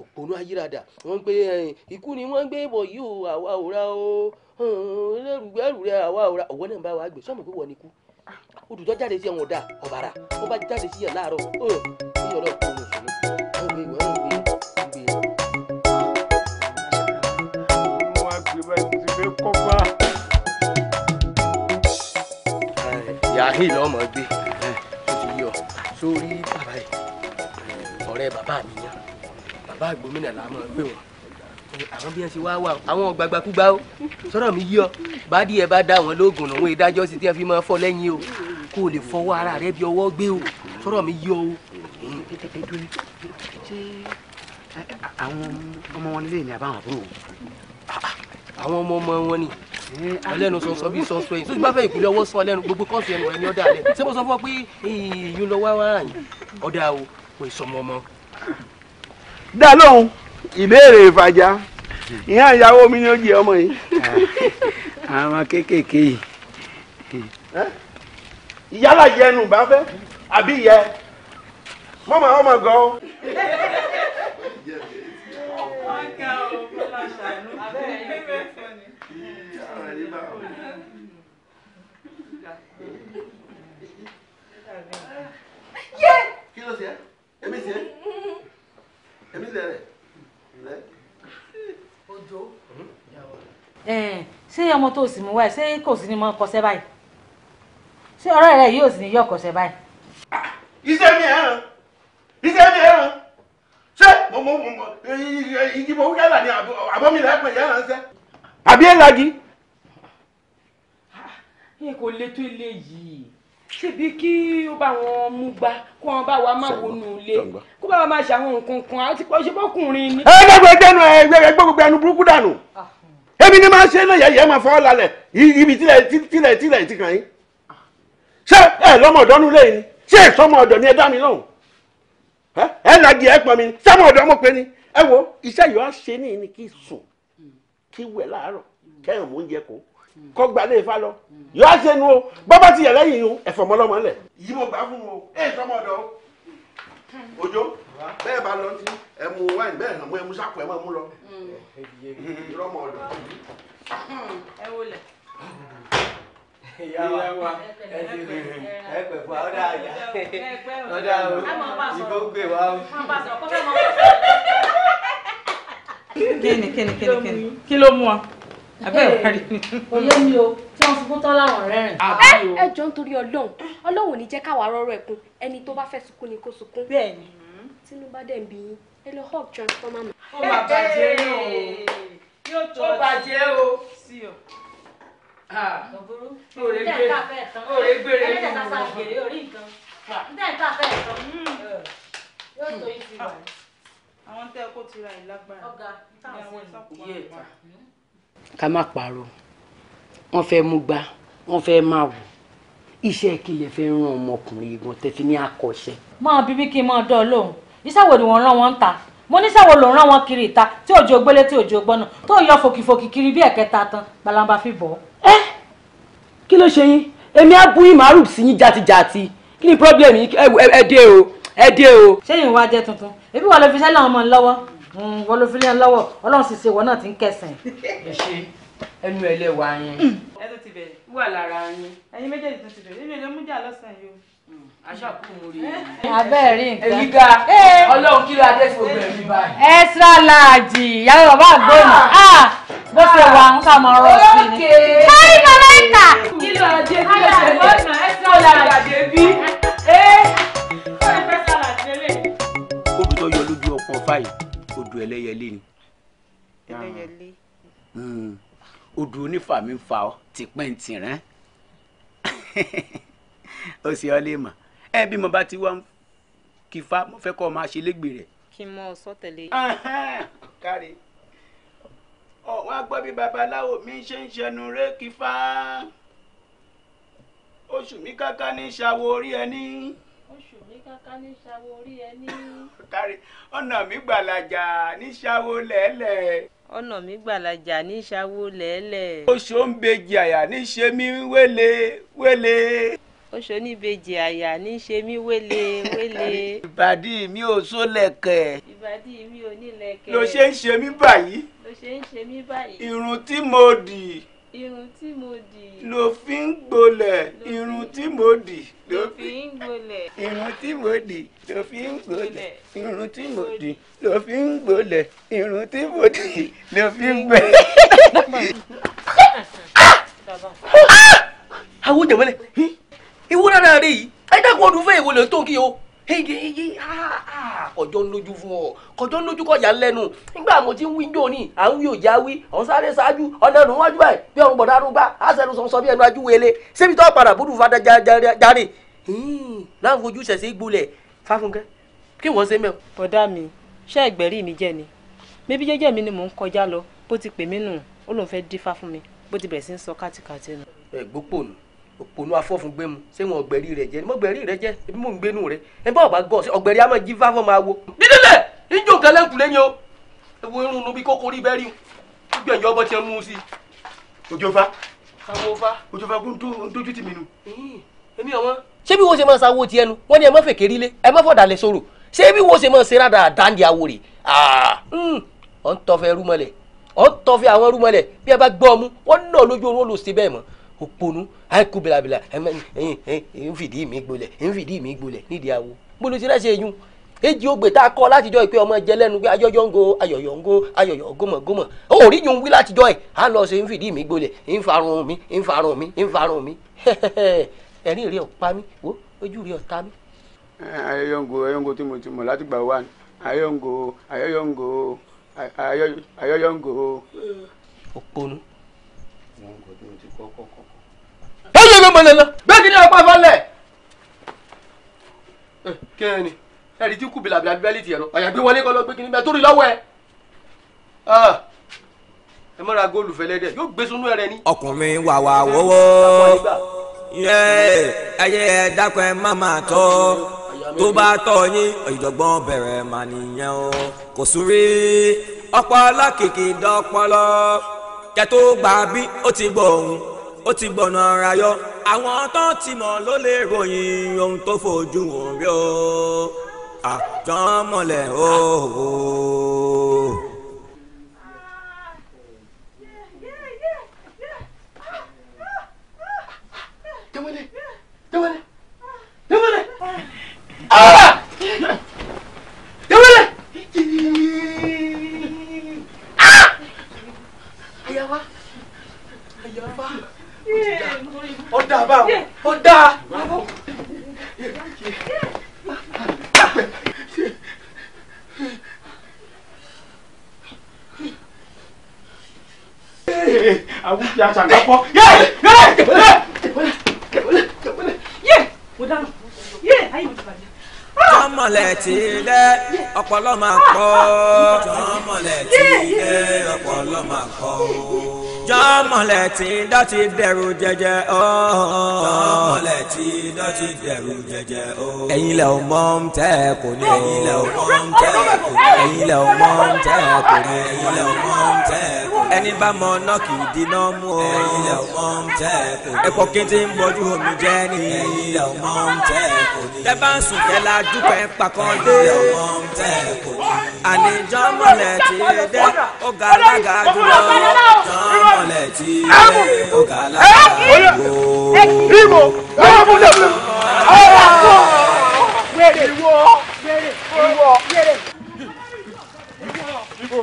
òpònú ayírada wọ́n ń ikú ni wọ́n gbé bọ̀ yìí o àwa ò o ẹrù àwa ò ra náà bá wa gbé sọ́mọ̀ pé wọ́n ni kú odùtọ́ jáde sí ẹ̀wọ̀n dà ọ̀bàrà ó bá jáde sí ẹ̀ láàárọ̀ ó ń yọ̀ lọ́kùnrin. ìdáhìn lọ́mọ gbé tó ti yọ sórí bàbá yìí ọ̀rẹ́ bàbá mi yàn bàbá àgbómìnà là máa gbé wọn àwọn bí wọn ṣe wá wà àwọn ọgbàgbàkúgbà ó sọ̀rọ̀ mi yí ọ bá díẹ̀ bá dá àwọn lóògùn lòun ìdájọ́ sí tí wọn fi máa fọ́ lẹ́yìn o kó o lè fọwọ́ ara rẹ bí ọwọ́ gbé o sọ̀rọ̀ mi yí o. Hmm, ṣé àwọn ọmọ wọn lè ní àbáwọn àbúrò. Ah, ah. àwọn ọmọ ọmọ wọn ni ọlẹ́nu sọ̀nsọ̀ bíi sọ̀nsọ̀ yìí sọ́jú bá fẹ́ ìpínlẹ̀ ọwọ́ sọ ọlẹ́nu gbogbo kọ́ọ̀sì ẹnu ẹni ọ̀dà rẹ̀ ṣé mo sọ fún ọ pé ìyún lọ wá wá yìí ọ̀dà o kò sọmọ ọmọ. dá lóhùn ìbéèrè ìfàjà ìyá ìyàwó mi ni ó jẹ ọmọ yìí. Ah, àwọn kéékèèké yìí. ìyálà yẹnu bá fẹ́ àbí yẹ mọ́mọ́ ọmọ gan-an. yé. kí ló ṣe é èmi ṣe é èmi ṣe rẹ rẹ. ojo ṣé ọmọ tó sì mú wá ṣé kò sí ni mo kọsẹ̀ báyìí ṣé ọ̀rẹ́ rẹ yóò sì ní yọ kọsẹ̀ báyìí. iṣẹ́ mi ẹ̀ràn iṣẹ́ mi ẹ̀ràn ṣé mo mo mo igi mo yálà ni àbọ̀ mi lẹ́pẹ̀ yálà ń sẹ́. àbí ẹ̀ lagi. ẹ kò le tó ilé yìí ṣebí kí ó bá wọn mú gbá kó wọn bá wa máa wọnú ilé kó bá wa máa ṣe àwọn nǹkan kan àti pé ṣe bọ́kùnrin ni. ẹ gbẹgbẹ dẹnu ẹ gbẹgbẹ gbogbo ẹnu burúkú dànù ah. èmi ni máa ń ṣe náà yẹyẹ máa fọwọ́ lálẹ̀ ibi tílẹ̀ tílẹ̀ tílẹ̀ ti kàn yín ṣé ẹ lọ́mọ ọ̀dọ́nu lé ni ṣé ìsọmọ ọ̀dọ̀ ni ẹ dá mi lóhùn ẹ làdí ẹ pọ̀ mi ni sọmọ ọ̀dọ̀ mo pe ni ẹ wo iṣẹ́ yìí wá ṣe ní ìní kí sùn kí wẹ̀ láàárọ̀ kẹ́hìn mò ń jẹ kó kọ́ gba lè fa lọ yóò á ṣe nu o bàbá ti yà lẹ́yìn o ẹ̀fọ́ ọmọlọ́mọ lẹ̀. yìí mo gbà fún o ẹ sọmọ ọdọ ojo bẹ́ẹ̀ bá lọ sí ẹmu wáìnì bẹ́ẹ̀ hàn mú ẹmu sápò ẹ máa mú lọ rọmọ ọdọ. ẹ wo ìyá wa ẹ ti rìn ẹ pẹ̀ fún àwọn ọ̀dà àyà ọ̀dà o ìbò gbé wa o. kí ni kí ni kí ni kí ló mú ọ òye mi o tí wọ́n sunkún tán láwọn rẹ́rìn. ẹ jọ nítorí ọlọ́run ọlọ́run ò ní jẹ́ káwa rọ́rọ́ ẹkún ẹni tó bá fẹ́ sunkún ni kó sunkún. bẹ́ẹ̀ni tinubu dẹ̀ ń bí yín ẹ lọ hawk transformer mi. ó máa bàjẹ́ o yóò tó ó bàjẹ́ o sí o. ọ̀rẹ́ ní ìwọ̀n. ǹdẹ́ nǹkan fẹ́ tán hmm. hmm. yóò tó yín ti àwọn tẹ́ ẹ kó tira ìlágbára ní àwọn ìsọkùnrin ká má parọ́ wọ́n fẹ́ mú gbá wọ́n fẹ́ máa wò iṣẹ́ kí lè fẹ́ ràn ọmọkùnrin ìgbọ̀n tẹ́tí ní àkọ́ṣe. máa bí bí kí n máa dán ọ lóhùn iṣẹ́wò ni wọ́n rán wọn ń ta mo níṣẹ́wò ló ń rán wọn kiri ìta tí òjò gbélé tí òjò gbọ́nà tó yọ fòkìfòkì kiri bí ẹ̀kẹta tán gbalamba fi bọ̀. ẹ kí ló ṣe yín èmi á bu ìmàrú sí yín jàtijàti kí ni problem yín ẹ dé o ẹ dé o. ṣé ìwà jẹ tuntun èbí wà ló fi sẹ́lẹ̀ ọmọ lọ́wọ́ Mm, wọ́n ló fi sì ṣe ìwọ náà ti ń kẹsàn. ẹ ẹnu ẹ lẹwa yẹn. Mm. ẹ tó ti bẹ wà lára yín. ẹyin méjèèjì tó ti bẹ nínú ilé mújà lọ́sàn yìí o. Mm, aṣáàkú mo rí i. abẹ́ rí nǹkan. èyí ga eh. ọlọ́run kí ló adé sí gbogbo ẹ̀mí báyìí. extra large ìyàwó bàbá àgbọ̀nà ah. ah, bó ṣe wà ń kà máa rọ sí i. sáré bàbá ìta. kí ló adé kí ló ṣẹlẹ̀ extra large bí. olùtọ́ yọ lójú ọkọ̀ báyìí odò ẹlẹ́yẹlé ni. ẹlẹ́yẹlé. Hmm. odò onífàmì fa ọ ti pẹ́ǹtì rán ó sì ọ lè mọ̀ ẹ bí mo bá ti wá kí mo fẹ́ kọ́ ọ máa ṣe lẹ́gbẹ̀ẹ́ rẹ̀. kí n mọ ọ sọtẹ́lẹ̀. kárí wọ́n á gbọ́ bí babaláwo mi ṣe ń ṣẹnu ré kí oṣù mi káká ní ṣàwo orí ẹni ọ̀nà mi gbàlàjà níṣàwó lẹ́lẹ̀. ọ̀nà mi gbàlàjà níṣàwó lẹ́lẹ̀. oṣó ń bejì àyà níṣe mí wélé wélé. oṣó ní bejì àyà níṣe mí wélé wélé. ìbàdí mi ò sólẹ̀kẹ̀. ìbàdí mi ò nílẹ̀kẹ̀. ló ṣe ń ṣe mí báyìí. ló ṣe ń ṣe mí báyìí. irun tí mo dì irun tí mo dì. ló fi ń gbolẹ̀ irun tí mo dì. ló fi ń gbolẹ̀. irun tí mo dì ló fi ń gbolẹ̀ irun tí mo dì ló fi ń gbolẹ̀ irun tí mo dì ló fi ń gbolẹ̀. àwọn jẹ̀wẹ́lẹ̀ ìwúrà náà rèé ẹ̀dá kan ọdún fẹ́ ìwọlẹ̀ tó kí o kọjọ́ ń lójú fún ọ kọjọ́ ń lójú kọjá lẹ́nu nígbà mo ti ń wí jò ní à ń wí òjá wí ọ̀hún sáré ṣáájú ọ̀nà ẹnu wájú báyìí bí ọ̀run bọ̀dá arúgbá àṣẹnu sọ̀nsọ̀ bí ẹnu ajú wele ṣébi tó padà búdú fada járe láwọn ojú ṣẹ̀ṣẹ̀ gbolẹ̀ fáfúnkẹ́ kí wọ́n ṣe mẹ́wọ́. bọ̀dá mi ṣé ẹgbẹ̀rí mi jẹ́ ni mébí jẹ́jẹ́ mi ni mò ń kọjá lọ bó ti pè mí nù ó lóun fẹ́ dífá fún mi bó ti bẹ̀rẹ̀ sí ń sọ kátikáti nù. ẹ gbópò nù òpònú afọ́fúngbé mu ṣé wọn ọgbẹ̀rí rẹ jẹ ni rẹ jẹ ebi mo ń gbénu rẹ ẹ bá ọba gọ ọgbẹ̀rí a máa jí fáfọ́ máa wo. dídílẹ̀ ìjọ nǹkan lẹ́kùn lẹ́yìn o ewu irun nu bí kókó rí bẹ́ẹ̀ rí o gbẹ̀yìn ọbọ̀ tiẹ̀ mú un sí. ojú fa àwọn fa ojú fa kún tójú tì mí nu. èmi àwọn. ṣé bí wọ́n ṣe máa sanwó tiẹ̀ nu wọ́n ní ẹ má fẹ́ kérí lé ẹ má fọ̀dà lẹ sọ̀rọ̀ ṣé bí wọ́n ṣe máa ṣe rádà dáńdì àwòrè ọ̀ ń tọ́fẹ́ rúmọlẹ̀ ọ̀ ń tọ́fẹ́ àwọn rúmọlẹ̀ bí ẹ bá gbọ́ ọmú wọ́n náà lójú oorun lò ṣe bẹ́ẹ̀ mọ́ òpònú àìkú bilabila ń fìdí mi gbolẹ̀ ń fìdí mi gbolẹ̀ nídìí awo bolo ti rẹ́sẹ̀ yún èjì ògbè tá a kọ́ látijọ́ ìpè ọmọ jẹ lẹ́nu pé ayọ́yọ́ ń go ayọ̀yọ̀ ń go ayọ̀yọ̀ gómọ̀gómọ̀ rí yun wí látijọ́ ẹ̀ á lọ ṣe ń mi gbolẹ̀ ń mi ń mi ń farun mi ẹ̀rín rí ọ̀pá mi wo ojú rí ọ̀tá mi. ayọ̀yọ̀ ń go ayọ̀yọ̀ tí mo ti mọ̀ látìgbà wa ayọ̀yọ̀ ń go ayọ̀yọ̀ ń go ayọ̀yọ̀ ń go. òponu. wọn kò tí mo ti kọ́ kọ́kọ́ yẹ mi mọ̀nàmọ́ bẹ́ẹ̀ kí ni ọ̀pá fọlẹ̀. kí ni ẹ̀rí tí kùbìlà bí abẹ́lí tiẹ̀ lọ ọ̀yà gbé wọlé kọ́ lọ gbé kí ni bẹ́ẹ̀ torí lọ́wọ́ ẹ̀ ẹ mọ́ra góòlù fẹ́lẹ́dẹ̀ yóò gbé sunú ẹ̀rẹ́ ni. ọkùnrin wàwà wọ́wọ́ ẹyẹ ẹ dákun ẹ má máa tọ́ tó bá tọ́ yín ìjọ̀gbọ́n bẹ̀rẹ̀ mà ọpọlọ kìkì dọ́pọlọ kẹtó gbà ó ti gbọ́ òun ó ti gbọ̀nà ara yọ àwọn tó ti mọ̀ ló lè ròyìn ohun tó fojú wọn rí o àjọmọ̀lẹ̀ o. Dẹ́wọ́lẹ̀ dẹ́wọ́lẹ̀ Ah! ó dáa báwo ó dáa. awuti asagapọ ye ye ye ye mo dara ye ayi mo ti bàjẹ́ jọmọlẹ ti lẹ ọpọlọ máa kọ jọmọlẹ ti lẹ ọpọlọ máa kọ jọmọlẹ ti dọ̀tí dẹrù jẹjẹ ọ jọmọlẹ ti dọ̀tí dẹrù jẹjẹ ọ. ẹ̀yin lẹ ò mọ̀ ń tẹ kò ní o ẹ̀yin lẹ ò mọ̀ ń tẹ kò ní ẹ̀yin lẹ ò mọ̀ ń tẹ kò ní ẹ̀yin lẹ ò mọ̀ ń tẹ kò ní. ẹni bá mọ náà kì mú o ẹ̀yin lẹ ò mọ̀ ń tẹ kò ní. ẹ̀kọ́ kí n ti ń bọ́jú omi jẹ́ ni ẹ̀yin lẹ ò mọ̀ ń tẹ kò ní. tẹ bá ń sùn kẹ́ lájú dúpẹ́ pàkọ́dé àníjọ́ mọ̀lẹ̀ tí dé ọ̀gá alága dúró jọ́ mọ̀lẹ̀ tí dé ọ̀gá alága dúró. Wèrè ìwọ wèrè ìwọ wèrè ìwọ ìwọ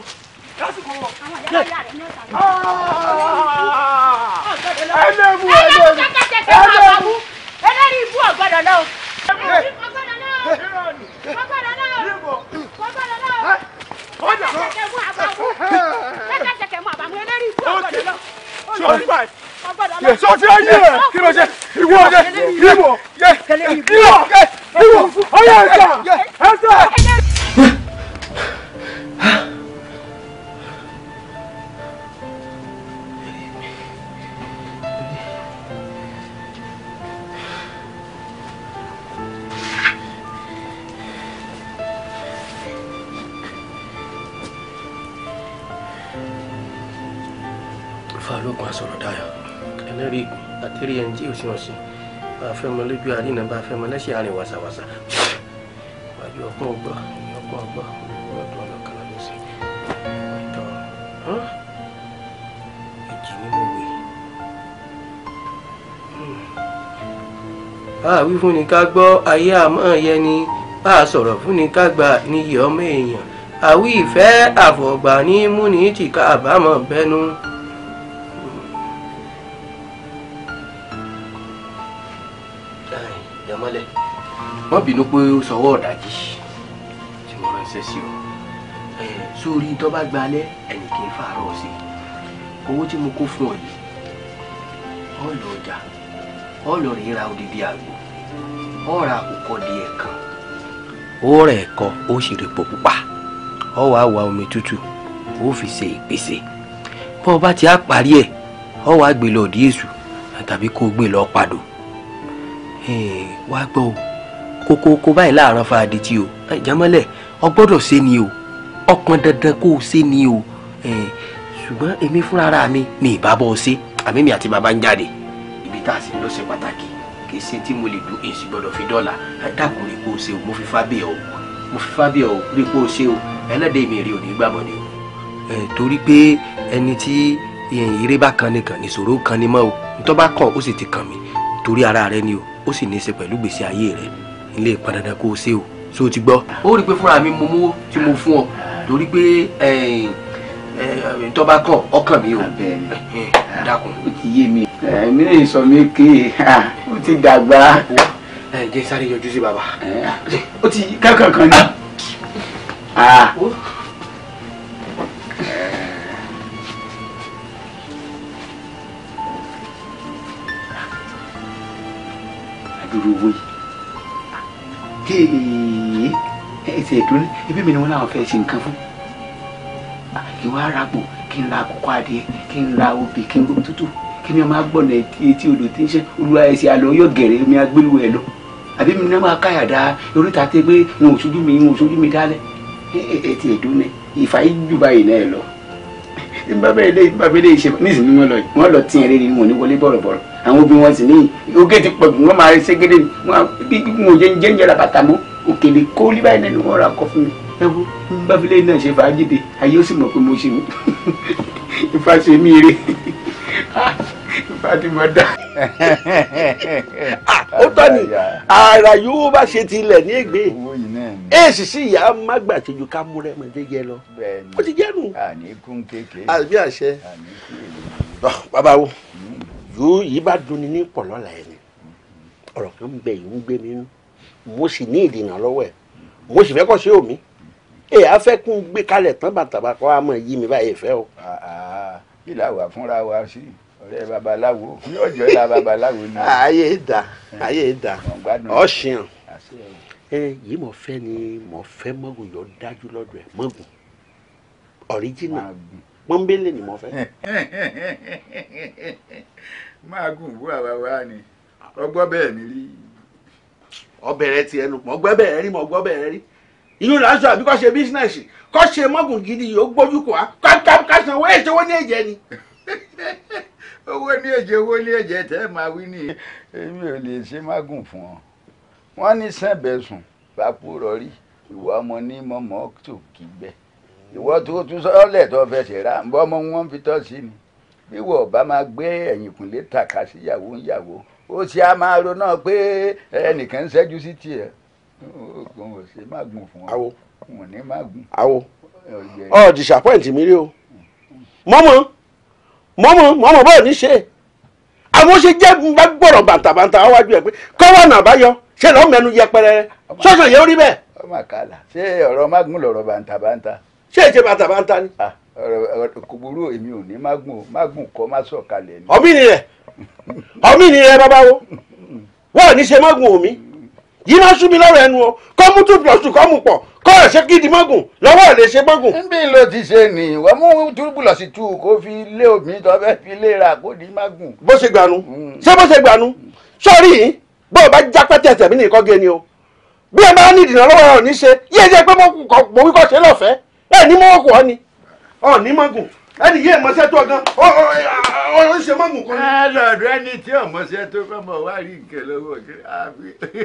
lásìkò wọ. Ẹlẹ́mu ẹlẹ́mu ẹlẹ́mu ẹlẹ́mu ìbú ọ̀gbọ́dọ̀ náà. sọ ti ayé ẹ kí ló ṣe ìwọ ṣe ìwọ ìwọ ìwọ ọyọ ẹja. tí ò sí ọ̀sìn bá a fẹ́ mọ lójú àrínà bá a fẹ́ mọ lẹ́sẹ̀ àárín wàsàwàsà wájú ọpọ́n ọgbà ẹ̀yìn ọpọ́n ọgbà ọdún ọlọ́kan ló sì ìtọ́ ìjì nínú ìwé. bá hmm. a wí fún ni ká gbọ́ ayé àmọ́ yẹn ni bá a sọ̀rọ̀ fún ni ká gbà níyì ọmọ èèyàn àwí ìfẹ́ àfọ̀gbà ní múni tìka àbámọ̀ bẹ́nu. má bínú pé ó sọwọ́ ọ̀dájì tí mo ránṣẹ́ sí ọ sórí tó bá gba alẹ́ ẹnì kì í fàárọ̀ sí owó tí mo kó fún ọ yìí ọ lọ ọjà ọ lọ rí ra odidi àgbò ọ ra àkùkọ díẹ̀ kan ó rẹ ẹ̀kọ ó sì rè pò pupa ọ wàá wa omi tútù ó fi ṣe ìpèsè bọ́ ọ bá ti á parí ẹ̀ ọ wàá gbé lọ òdì èṣù kó o gbé lọ padò wàá gbọ́ o kókókó báyìí láàárọ̀ fàdétí o ìjámọ́lẹ̀ ọ gbọ́dọ̀ ṣe ni o ọkàn dandan kó o ṣe ni o ṣùgbọ́n èmi fúnra ara mi mi ìbá bọ́ ọ ṣe àmì mi àti bàbá ń jáde ibi tá a sì lọ ṣe pàtàkì kì í ṣe tí mo lè dún èsì gbọ́dọ̀ fi dọ́là dákun rè kó o ṣe o mo fi fábíà o mo fi fábíà o rè kó o ṣe o ẹlẹ́dẹ̀ẹ́ mi rí òní gbàgbọ́ ni o. torí pé ẹni tí ire bá kan ni kàn níṣòro kan ni mọ́ o ntọ́ bá kọ̀ ó sì ti kàn mí torí ara rẹ ni o ó sì ní í ṣe pẹ̀lú gbèsè ayé rẹ̀ ilé ìpadàdà kó o ṣe o ṣé o ti gbọ́. ó rí i pé fúnra mi mo mówó tí mo fún ọ torí pé tó bá ọkàn mi o dákun. ó ti yé mi. mi lè sọ mi ké ó ti dàgbà. jẹ́ sáré yọjú sí bàbá. ó ti kẹ́kọ̀ọ́ kan ní. adúrú owó jẹ́ẹ̀lì ẹsẹ̀ ìdúró ibi mi ni wọ́n láwọn fẹ́ ṣe nǹkan fún ah, ìwà arapò kí n ra àkókò adìẹ kí n ra obì kí n gbó tútù kí ni ọmọ agbọ̀nà etí odò tí ń ṣe olúwa ẹsẹ̀ àlọ́ yóò gẹ̀rẹ́ mi agbélu ẹ̀ lọ àbí mi náà máa káyà dá oríta tẹ pé wọn ò sójú mi wọn ò sójú mi dálẹ̀ ẹtì ẹ̀dùn ní ìfàyè jù báyìí náà lọ bàbá ilé ìṣe nísìnyí wọn lọ tiẹ̀ lé ní wọn àwọn obìnrin wọn sì ní oge ti pọ̀ jù wọ́n máa rí ségede bí gbogbo òjé ń jẹ́ ń jẹ́ làbàtà mọ́ òkèlè kó líbàyìí lẹ́nu wọn ra kọ fún mi ẹwọ báfílẹ̀ náà ṣe fàájì dé ayé ó sì mọ̀ pé mo ṣe mú ifá ṣe mí eré ah, ifá ti mọ̀ dá. Ah, ó tọ́ ni ara yóò bá ṣe ti ilẹ̀ ní ègbé èsì sí ìyá má gbàtẹ́jú ká mú rẹ̀ mọ̀dé yẹ lọ ó ti jẹ́nu àbí àṣẹ bàbá wo yóò yìí bá dunni ní pọ̀lọ́lá ẹni ọ̀rọ̀ kan bẹ yìí ń gbé mi nú mo sì ní ìdènà lọ́wọ́ ẹ̀ mo sì fẹ́ kọ́ sí omi ẹ̀ á fẹ́ kún gbé kalẹ̀ tán bàtàbà kọ́ àmọ́ yí mi báyìí fẹ́ o. kí làwà fúnra wa sí ọ̀rẹ́ babaláwo ní ọjọ́ ìlà babaláwo ni. ayé da ayé da ọ̀sìn yìí mo fẹ́ ni mo fẹ́ mọ́gùn yọ dájú lọ́dọ̀ ẹ̀ mọ́gùn ọ̀ríjìnà pọ́nbélé ni mo fẹ́. máa gùn wú àwáwá ni ọgbọ́n bẹ́ẹ̀ mi rí. ọbẹ̀rẹ̀ tiẹ̀ nù rí mọ rí inú làásù àbí ṣe bísínẹ́sì kọ́ ṣe mọ́gùn gidi yìí ó gbójú kò á owó owó ní èjẹ ni. owó ní èjè owó ní èjẹ tẹ́ máa wí ni. èmi ò lè ṣe gùn fún ọ wọn ní rọrí bí wọ́n bá máa gbé ẹ̀yìnkùnlé tàka síyàwó ńyàwó ó ṣe á máa ronú pé ẹnìkan ń ṣẹ́jú sí tiẹ̀ oògùn ò ṣe má gùn fún ọ àwo wọn ní má gùn. àwo ọ disappoint mi rí o mọ́mọ́ mọ́mọ́ mọ́mọ́ bọ́ọ̀ ní ṣe àwọn ṣe jẹ́ gbọ́rọ̀ bàǹtàbàǹtà wájú ẹ̀ pé kọ́wọ́nà àbáyọ ṣé lọ́ọ́ mẹ́nu yẹpẹrẹ sọ́sọ̀ yẹn ó rí bẹ́ẹ̀. ọmọ àkàlà ṣé ọ̀rọ̀ mágùn lọ̀rọ̀ bàǹtàbàǹtà. ṣé ètè bàǹtàbàǹtà ni. Ah kògbóró èmi ò ní mágùn mágùn kọ́ má sọ̀kalẹ̀ ni. ọmí nìyẹn ọmí nìyẹn bàbá wo wọn ò ní ṣe mágùn omi yìí má sún mi ẹnu o kọ́ mú two plus two kọ́ mú pọ̀ kọ́ ẹ̀ ṣe gidi mágùn lọ́wọ́ ẹ̀ lè ṣe mágùn. níbi ló ti ṣe ni wọ́n mú two plus two kó fi lé omi tó fẹ́ fi lé ra kó di mágùn. bó ṣe gbanu mm. ṣé bó ṣe gbanu sọ́ọ̀rì yìí bó o bá já pẹ́tẹ́ tẹ̀mí nìkan gé ni o bí ẹ bá ní ìdìnnà lọ́wọ́ ẹ̀ ò ní ṣe yíyẹ jẹ́ pé mo wíkọ̀ ṣe lọ́fẹ̀ẹ́ ẹ̀ ní mọ́wọ́ ọ́ ni. ọ ní mọ́gùn ẹni yé ìmọ̀ṣẹ́ tó gan ọ ọ ṣe mọ́gùn kan. ẹ rẹ ní tí ọmọṣẹ́ tó wá rí nǹkan kí àbí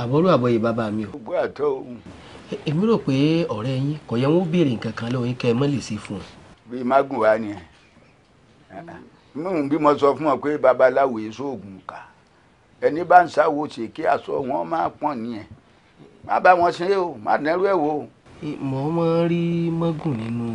òkú bàbá mi o. gbogbo èmi rò pé yín kò yẹ béèrè nǹkan kan lóyún fún un. bí magun ni bí mo sọ fún ọ pé babaláwo èso kà ẹni bá ń wọn máa pọn nìyẹn. má bá wọn ṣe o má dẹ́rú ẹ̀ wò. mo mọ rí mọ́gùn nínú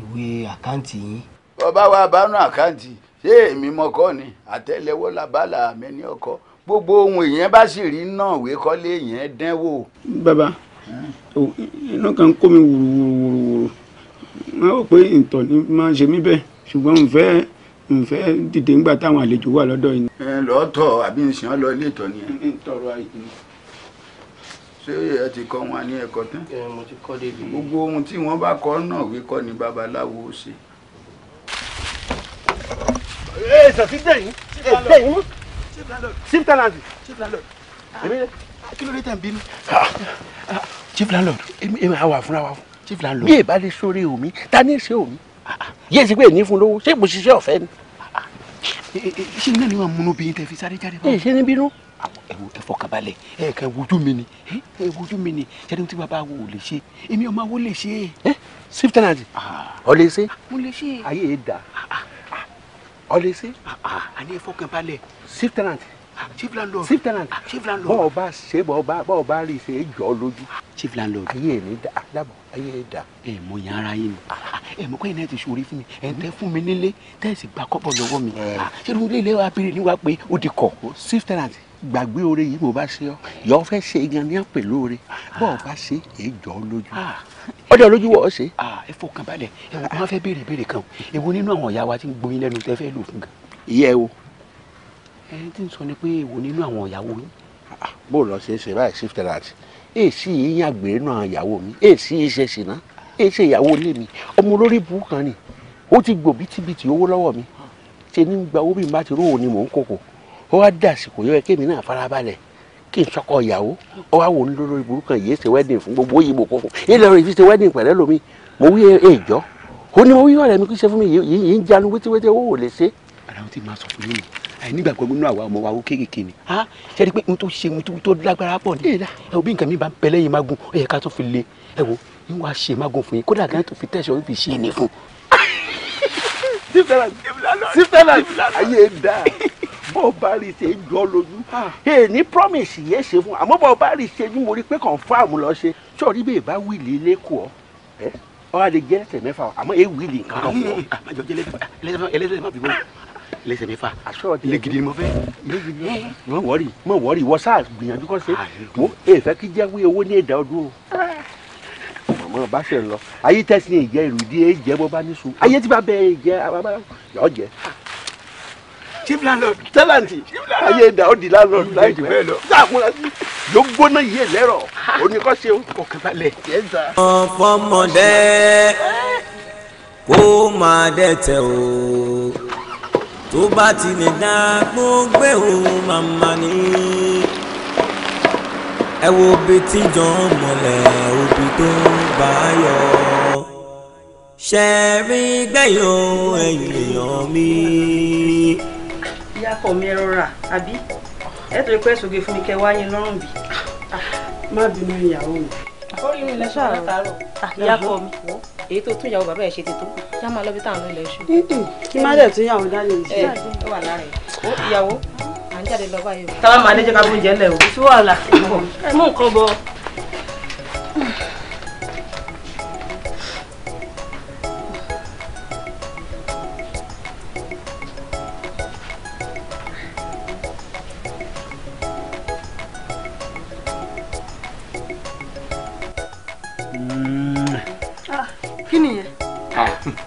ìwé àkáǹtì yín. bàbá wa bánú àkáǹtì ṣé èmi mọ́kọ́ ni àtẹ́lẹwọ́ làbálà mi ní ọkọ gbogbo ohun èèyàn bá sì rí náà ìwé kọ́lé èèyàn dẹ́wò. bàbá inú kan kó mi wùrùwùrùwùrù wọn rò pé ìtọ̀ ni máa ń ṣe mí bẹ́ẹ̀ ṣùgbọ́n n fẹ́ n fẹ́ dìde ńgbà táwọn àlejò wà lọ́dọ̀ yìí. ẹ lọ́ọ́ àbí nsìn lọ ilé ìtọ̀ ni. ntọrọ àìsàn ṣé ẹ ti kọ́ wọn ní ẹ̀kọ́ tán. mo ti kọ́ débi. gbogbo ohun tí wọ́n bá kọ́ náà wí kọ́ ni babaláwo ó ṣe. ee sọ̀tí dẹ̀yìn dẹ̀yìn mú chief landlord chief landlord ah, kí ló dé tẹ̀ ń bínú. Ah, chief landlord èmi àwa fúnra wa chief landlord. bí èbá lè sórí omi ta ní ṣe omi ah, yéé sí pé èyí fún lówó ṣé mo ṣiṣẹ́ ọ̀fẹ́ ni. ṣé ilé ni wọn múnú bí tẹ fi sáré jáde. ṣé ní bínú àwọn ẹwọ ẹfọkànbalẹ̀ ẹẹka wojú mi ni ẹ wojú mi ni ṣẹlẹ̀ tí bàbá wo ò lè ṣe èmi ọmọ wo lè ṣe. ẹ sif tenant ọ lè ṣe. mo lè ṣe. ayé e da ọ lè ṣe. àní ẹfọkànbalẹ̀. sif tenant. chief landlord. sif tenant. chief landlord. bọ́ọ̀ bá ṣe bọ́ọ̀ bá rí ṣe é jọ lójú. chief landlord. ayé e ní da dábọ̀ ayé e da. ẹ mọ yàn ara yín ni ẹ mọ kọ́yìn náà ti ṣòro fún mi ẹ tẹ fún mi nílé tẹ́sí gba kọ́bọ̀ lọ́wọ́ mi ṣé ló lé ilé wa béèrè níwá pé ó di kọ̀. sif tenant gbàgbé oore yìí bó bá ṣe ọ yọ fẹ́ ṣe gan ní pẹ̀lú oore bó bá ṣe èjọ lójú ah. ọdẹ olójú wọ ọ ṣe. Ah, ẹ fọkàn balẹ̀ ẹ wò fẹ́ béèrè béèrè kan èwo nínú àwọn ìyá wa ti ń gboyin lẹ́nu tẹ́ fẹ́ lò fún gan. ìyẹ́ o. ẹ ti ń sọ ni pé èwo nínú àwọn ìyàwó yín. Ah, bó lọ ṣe é ṣe báyìí shift alert èsì yìí yàgbé náà ìyàwó mi èsì yìí ṣe ṣìnà èsì ìyàwó ilé mi ọmọ olórí burúkan ni ó ti gbò bítíbitì owó lọ́wọ́ mi ṣe ní gba owó bí n bá ti rówó ni mò ń kókò ó wá dàsìkò yẹ kí èmi náà farabalẹ̀ kí n sọkọ ìyàwó ó wá wò ó lórí burúkú yìí ṣe wedding fún gbogbo òyìnbó kó fún yìí lọ rí fi ṣe wedding pẹ̀lẹ́ lomi mo wí èjọ́ ó ní mo wí ọ̀rẹ́ mi kí ṣe fún mi yìí ń janu wétíwétí owó ò lè ṣe. ara wọn ti máa sọ fún mi àìnígbàgbọ́ nínú àwa ọmọ wa ó kéékèèké ni. a ah, ṣe rí i pé n tó ṣe n tó lágbára pọ̀ ní. ẹ wo bí nǹkan mi bá ń pẹ lẹ́yìn magun ó yẹ ká tó fi le ẹ wo n wa ṣe magun fún yín kódà gan tó fi tẹ̀sán fi ṣe é ní fún. sífẹ́ràn sífẹ́ràn ayé dáa bọ́ bá rí ṣe jọ lójú ah. èní promise yẹ ṣe fún àmọ́ bọ́ bá rí ṣe ní mo rí pé confam lọ ṣe sọ̀rí bẹ́ẹ̀ bá wíìlì lẹ́kọ̀ọ́ ẹ ọ̀rọ̀ lè jẹ́ ẹsẹ̀ mẹ́fà àmọ́ èyí wíìlì nǹkan kan fún ọ. àjọ ah, jẹ́ ẹlẹ́sẹ̀ mẹ́fà bíbọ́ ẹlẹ́sẹ̀ mẹ́fà lẹ́gìdì mo fẹ́. mọ wọrí mọ wọrí wọ sáà gbìyànjú kọ́ ṣe wo ah, èyí fẹ́ kí jẹ́ wí owó ní ìdá ọdún o mọ bá ṣe lọ ayé tẹsí ìjẹ ìrùdí ẹ jẹ bó bá ní sùn ayé tí bá bẹ ẹ jẹ àbábá yọ jẹ chief landlord. tẹ́lẹ̀ntì ayé ẹ̀dá ó di landlord láìpẹ́ sáàkúnra sí ló gbóná yìí ẹ̀ lẹ́rọ̀ oníkọ́sẹ́ ọ̀kẹ́balẹ̀. fọmọdé kó máa dẹ́tẹ̀ o tó bá ti lè dá gbógbé o màmá ni ẹ wo bí tíjọ mọ̀lẹ́ òbí tó bá yọ ṣẹ́ẹ́rì gbẹ̀yọ̀ ẹ̀yìn èèyàn mi ọkọ mi rọra àbí ẹ tó pẹ́ sóge fún mi kẹ wáyé lọ́rùn bí. má bínú ìyàwó mi. ó rí mi lẹ́sọ̀ látàárọ̀. Ah, ìyàkọ mi èyí tó tún ìyàwó bàbá ẹ̀ ṣe ti tó yá máa lọ bí táwọn ilẹ̀ ṣù. kí má dẹ̀ tún ìyàwó dálé yìí. ẹ ó wà lára ẹ ìyàwó à ń jáde lọ báyìí o. a máa dé jẹ́ ká bóúnjẹ lẹ̀ o. sí wàhálà ẹ mú nǹkan bọ̀.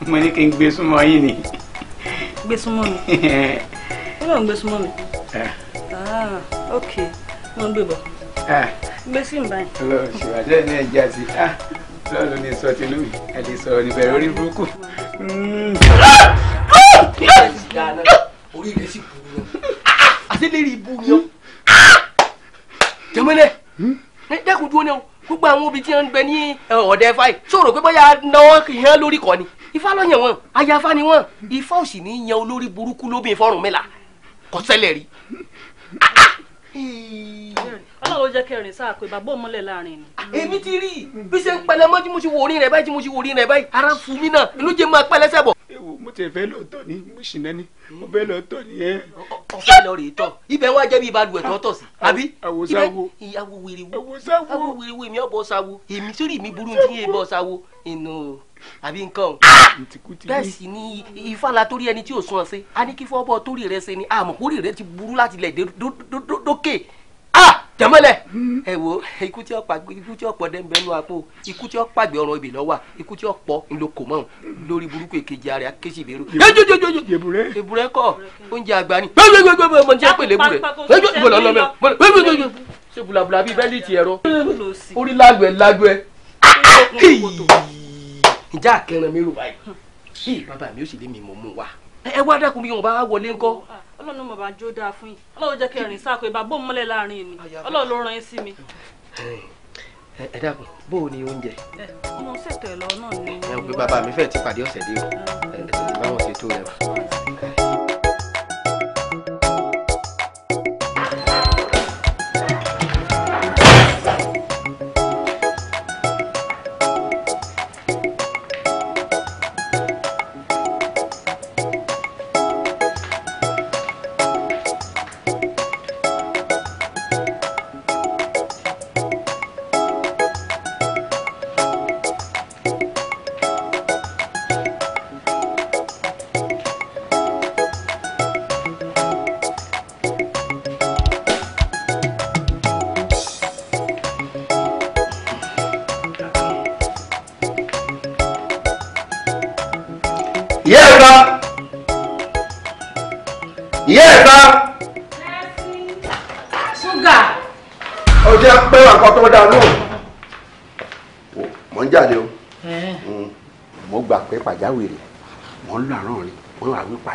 mo ní kí n gbé súnmọ́ yín ni. gbé súnmọ́ mi ó lóun gbé súnmọ́ mi eh. ah, ok mo ń gbé bọ̀ eh. gbé sí ìbáyìí. ọlọ́run ṣèwádìí ẹni ẹ já sí lọ́ọ̀lù ni sọ ti lómi ẹ lè sọ̀rọ̀ níbẹ̀ orí burúkú. Hmm. orí rẹ̀ sì burú lọ àtẹ́lẹ́rì ibú ni ọ́ jẹ́mọ́lẹ̀ hmm? dẹ́kun dúró náà gbogbo àwọn obì tí wọ́n ń bẹ ní eh, ọ̀dẹ fáì sọ̀rọ̀ pé bóyá náwó yẹn lórí kọ́ ni ifá ló yàn wọn ayafa ni wọn ifá ò sì ní yan olórí burúkú lóbìn fọrùn mi là kò ṣẹlẹ̀ rí. ọlọ́run jẹ́ kẹrin sáà pé bàbá òmùlẹ̀ láàrin ni. èmi ti rí bí ṣe ń pẹlẹ mọ́ tí mo ṣe wò orin rẹ̀ báyìí tí mo ṣe wò orin rẹ̀ báyìí ara fún mi náà ló jẹ́ máa pẹlẹ sẹ́bọ̀. ewu mo tẹ fẹ́ lọ tọ̀ ni mo sì nẹ́ni mo fẹ́ lọ tọ̀ ni ẹ. ọfẹ lọ rèé tọ̀ ibẹ̀ wá jẹ́ bí ìbálùwẹ̀ tó tọ̀ sí àbí. àwòsáwo àwòwèrèwò àwòwèrèwò èmi ọ̀bọ̀ sáwo èmi sórí mi burú ní èbọ̀ sáwo inú àbí nǹkan bẹ́ẹ̀ sì ni ìfàlà torí ẹni tí ò sún ọ sí a ní kí fọ́bọ̀ torí rẹ ṣe ni àmọ́ orí rẹ ti burú láti lẹ̀ dókè tẹmọlẹ ẹ wo ikú tí ó pa ikú tí ó pọ dẹ́nu bẹ́ẹ̀ ló wà pọ̀ ikú tí ó pàgbé ọ̀rọ̀ ibì lọ́wọ́ ikú tí ó pọ̀ ló kò mọ́ lórí burúkú èkejì ààrẹ akéṣì ìbérò. èbúrẹ́ èbúrẹ́ kọ oúnjẹ àgbà ni gbẹgbẹgbẹgbẹ mọ ní apèlè èbúrẹ́ gbẹgbẹgbẹgbẹ ṣe bulabula bíi bẹ́ẹ̀ lì ti ẹ̀rọ orí lágbo ẹ̀ lágbo ẹ̀ ìjà àkẹrin mi rò báyìí bí bàbá mi ò sì lé mi mọ̀ mú wa ẹ wá dákun bí wọn bá wọlé ńkọ́. Ah, ọlọ́run bàbá jó dáa fún yín ọlọ́run jẹ́ kí ẹ̀rìn sáà pé bàbá òun mọ́lẹ̀ láàrin mi ọlọ́run ló rán yín sí mi. ẹ dákun bó o ní oúnjẹ. ọmọ ṣètò ẹ̀ lọ náà ni. ẹ ò pé bàbá mi fẹ́ẹ̀ ti pàdé ọ̀sẹ̀ dé o ẹ ẹ ti bá wọn ṣètò rẹ wa.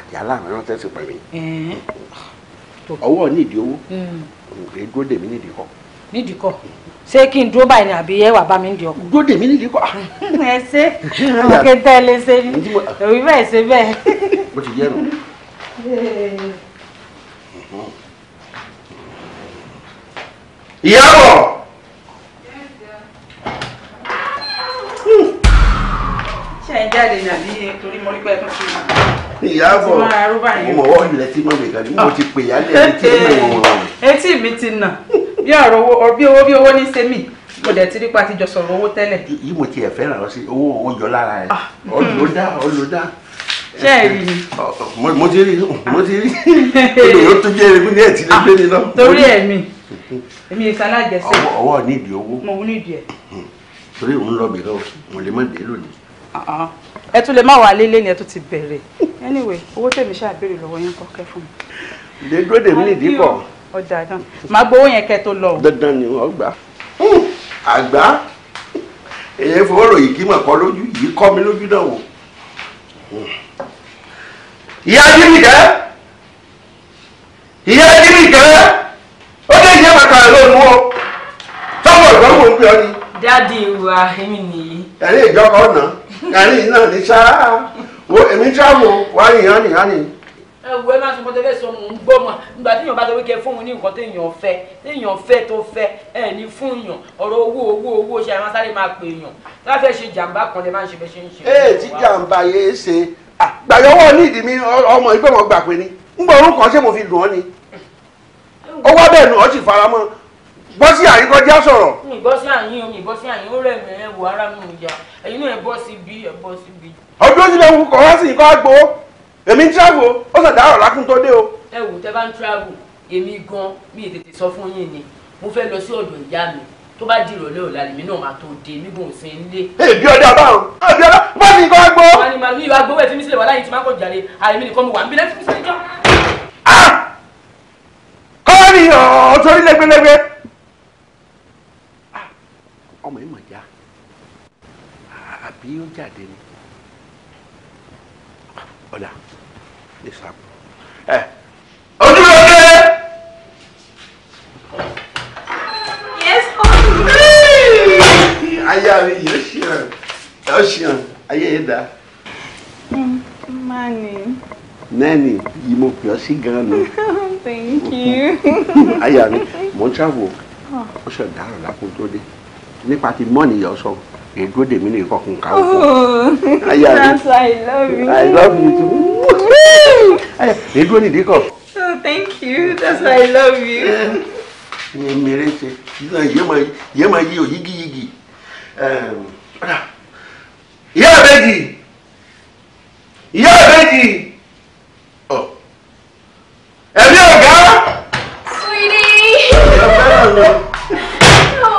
àti aláàmì tẹ̀sí pẹ̀ mí ọwọ́ nídìí owó hmm. kì í dúró dèmí nídìí kọ. nídìí kọ ṣé kí n dúró báyìí ni àbí ẹ wà bá mi ń di ọkọ. dúró dèmí nídìí kọ. ẹ ṣe ọmọ kí ẹ lé ṣe ni òbí bẹ́ẹ̀ ṣe bẹ́ẹ̀. bó ti yẹ nù. ìyàwó. ṣé ẹ jáde ní àbí torí mo rí pé ẹ tún ṣe é ìyáàbọ̀ mo mọ̀ wọ́n ilẹ̀ tí mo lè kàn ní mo ti pè yálẹ̀ etí mi ò wọ̀. etí mi ti nà bí ọ̀rọ̀ owó bí owó bí owó ní sẹ́mi mo dẹ̀ ti rí pa ti jọ sọ̀rọ̀ owó tẹ́lẹ̀. yìí mo tiẹ̀ fẹ́ràn lọ sí owó owó yọ lára ẹ̀ ọlọ́dà ọlọ́dà ṣe é rí ni. mo ti rí mo ti rí olùyọ tó jẹ́ ẹ̀mí ní ẹ̀tí lè gbé mi lọ. Ah, torí ẹ̀mí èmi èsì alájẹsẹ̀. ọwọ́ ọwọ́ nídìí owó. mo nídìí ẹ̀. Hmm. torí òun lọ bìkan mo lè má dé lónìí. Ah, ah ẹ tún lè má wà lélẹ̀ ni ẹ tún ti bẹ̀rẹ̀ anyway owó tèmi ṣáà béèrè lọ́wọ́ yín kọ́kẹ́ fún mi. lè dúró dèmi nìdí pọ̀. ọjà náà màá gbowó yẹn kẹ́ tó lọ. dandan ni wọn gbà. Hmm, àgbà èyí fowó ròyìn kí mọ̀ kọ́ lójú yìí kọ́ mi lójú náà wò. Hmm. ìyá jíríkẹ́ ìyá jíríkẹ́ ó lè jẹ́ bàtà lónìí o tọ́wọ́ ìgbọ́n mò ń pè ọ́ ni. dáàdi wa èmi nìyí. ẹ̀rí ìjọba ọ̀nà yàrin náà ní sáà wo èmi tíráàmù wá nìyàn nìyàn ni. ẹ wo ẹ máa sọ pọtẹ fẹsọ mò ń gbọ́ mọ nígbà tí èèyàn bá sọ pé kẹ fóun ní nǹkan téèyàn fẹ́ téèyàn fẹ́ tó fẹ́ ẹ ní fún yàn ọ̀rọ̀ owó owó owó ṣe àwọn sáré máa pè yàn láti fẹ́ ṣe jàǹbá kan lè máa ń ṣe bẹ ṣe ń ṣe. ee tí jàǹbá yéé ṣe gbàyọwọ ní ìdí mi ọmọ ìgbẹ́ gbà pé ni ń gbọ́ bọ́sí àríkọjá sọ̀rọ̀. mi bọ́ sí àyín o mi bọ́ sí àyín ó rẹ̀ mí ẹ wò ara mi ìyá ẹ̀yin náà ẹ bọ́ sí bí ẹ bọ́ sí bí. ọdún tí mo kọ̀ wá sí ikọ́ àgbo èmi ń travel ó sàn dárò lákùn tó dé o. ẹ wò tẹ bá ń travel èmi gan mi ì tètè sọ fún yín ni mo fẹ́ lọ sí ọ̀dọ̀ ìyá mi tó bá di ìrọ̀lẹ́ ọ̀la lèmi náà máa tó dé nígbà òsè ńlé. èbí ọdẹ ọlọ́run èbí ọdẹ bá mi kọ́ gbọ́. wọ́n ní màmí ìwà gbowó ẹ̀fí mi sílẹ̀ wà láyé tí má kọ̀ jàre àrèmi nìkan mo wà ń bí lẹ́fí mi sílẹ̀ jọ. Ah! kọ́ni ọ̀ọ́ torí lẹ́gbẹ́lẹ́gbẹ́ àbí yóò jáde ni ọ̀dà lè sàpò ẹ yes ọ̀hún. ayé mi yóò ṣìràn yóò ṣìràn ayé yẹn dá. mani. nẹ́ẹ̀ni yìí mo pè ọ́ sí gan-an nù. thank you. ayé mi mo ń ṣàwò ah. ó ṣe dárò lápò tó dé nípa ti mọ́ọ̀nì yọ̀ sọ. So èdúró dèmí ní ìkọkùn ká òkú. ayé àrí I love you I love you too. èdúró nìdí Oh, thank you that's why I love you. ní mèrè ṣe yé máa yí òyígí yígí ìyá àbẹ́jì ìyá àbẹ́jì ẹ̀mí ọ̀gá. sweetie.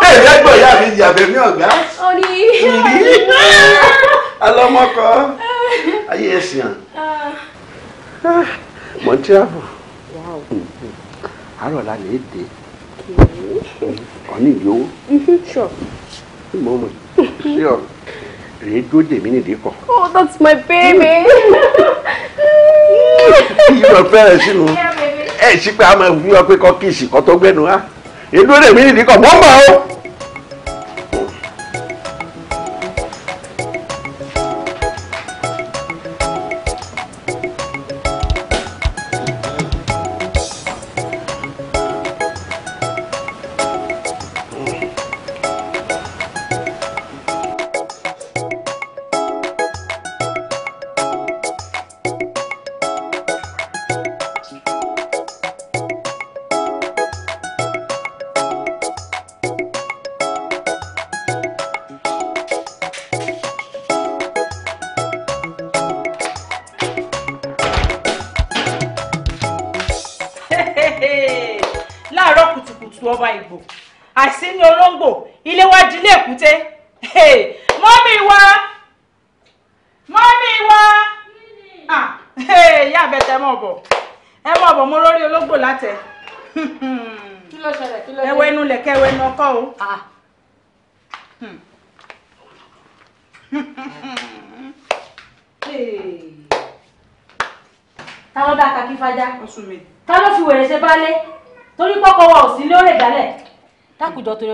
ẹ̀ẹ́dẹ́gbọ̀n ìyá mi ìyàbẹ̀ mi ọ̀gá. Oh ní kiri alọmọkọ ayé ẹsìn à mọ n tíráfù àárọ̀ la lè dé ọ̀nì ìdí owó mọ mọ sí ọ rèé dúró dè mí nìdí kọ. oh that's my baby. yíyọ fẹ́rẹ̀ sínú ẹ̀ sí pé a máa wúyọ pé kọ́ kí ìsìnkọ́ tó gbẹ́nu wá èdúró dè mí nìdí kọ mọ́ mọ́ o.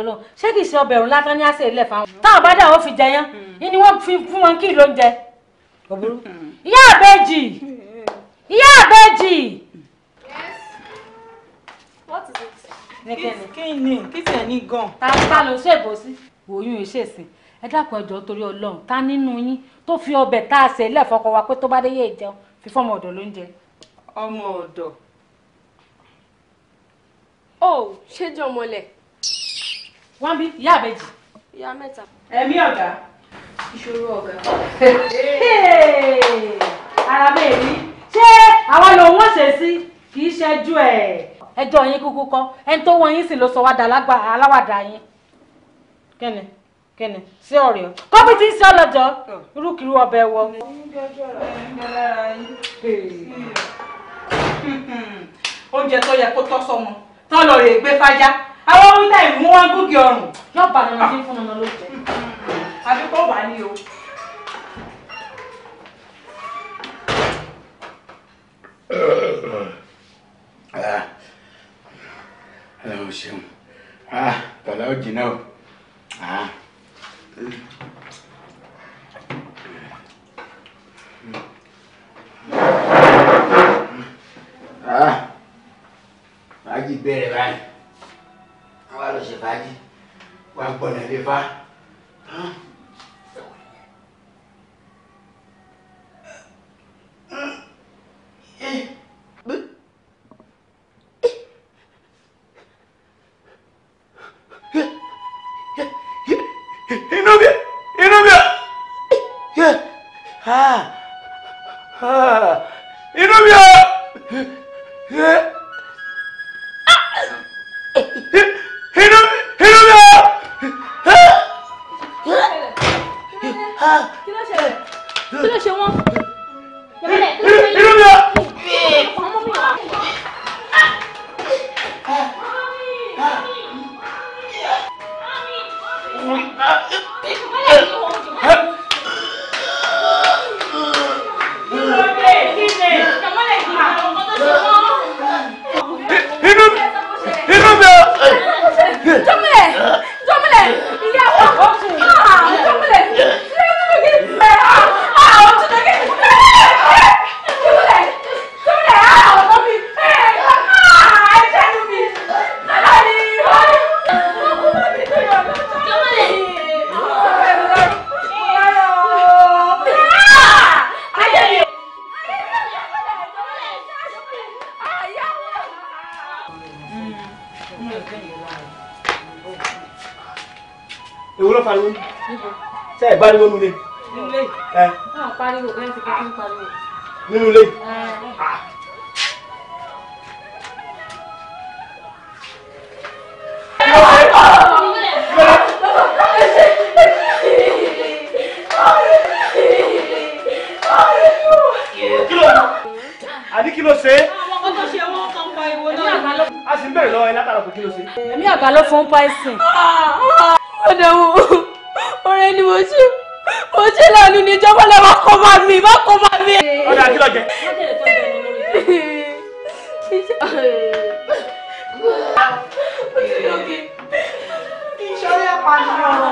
Ọlọ́run ṣé kìí ṣe ọbẹ̀ òun lásán ní àṣẹ ilẹ̀ fáwọn. táwọn bá dà ó fi jẹyán hmm. ni wọ́n fi fún wọn kí ló ń jẹ. Hmm. ìyá àbẹ́jì ìyá àbẹ́jì. kí ni kí sì ẹ̀ ní gan. ta ta ló ṣèbò sí. oyún ìṣèsìn ẹ dákun ẹjọ torí Ọlọ́run ta nínú yín tó fi ọbẹ̀ tá a ṣe wa pé tó bá dé yé ìjẹun fi fọmọ ọ̀dọ̀ ló ń jẹ. ọmọ ọ̀dọ̀. ó oh, ṣéjọ mọlẹ wọ́n bí ìyá àbẹ́jì. ìyá mẹ́ta. ẹ̀mí ọ̀gá. ìṣòro ọ̀gá. ara bẹ́ẹ̀ ni ṣé àwa lòun ò ṣe sí kì í ṣẹ́jú ẹ̀. ẹjọ́ yín kúkú kọ́ ẹni tó wọ́n yín sì ló sọ wá dà aláwàdà yín. kẹ́ni kẹ́ni sí ọ̀rẹ́ ọ kọ́bí tí ń ṣe ọlọ́jọ́ irúkìrú ọbẹ̀ wọ. oúnjẹ tó yẹ kó tọ́ sọmọ tọ́lọ̀ rè gbé fájá àwọn wíńtà ìmú wọn gòkè ọrùn yóò bá nana sí fún nana ló jẹ àbí kò wà ní o. ẹ ò ṣeun ah, bàlá ò jìnnà o. Ah, vai de beira, vai wọ́n wá lọ ṣèfàájì wọ́n á gbọ́nà ilé fa. pariwo ṣe ẹ pariwo nínú ilé. nínú ilé ẹ. náà pariwo bẹ́ẹ̀ ti kọ́kọ́ ń pariwo. nínú ilé. àní kí ló ṣe é. àwọn tó ṣe wọn kan pa ìwo náà. a sì ń bẹ̀rẹ̀ lọ ẹ látara kò kí ló ṣe. ẹ̀mí àgbà ló fún pàìsìn. Ah, ah. ó dẹ̀ wù ọ̀rẹ́ ni mo ṣe mo ṣe lànà níjọba lọ bá kọ máa mi bá kọ máa mi. ọ̀dà kí ló jẹ. ìṣọ̀rẹ́ pàdánù.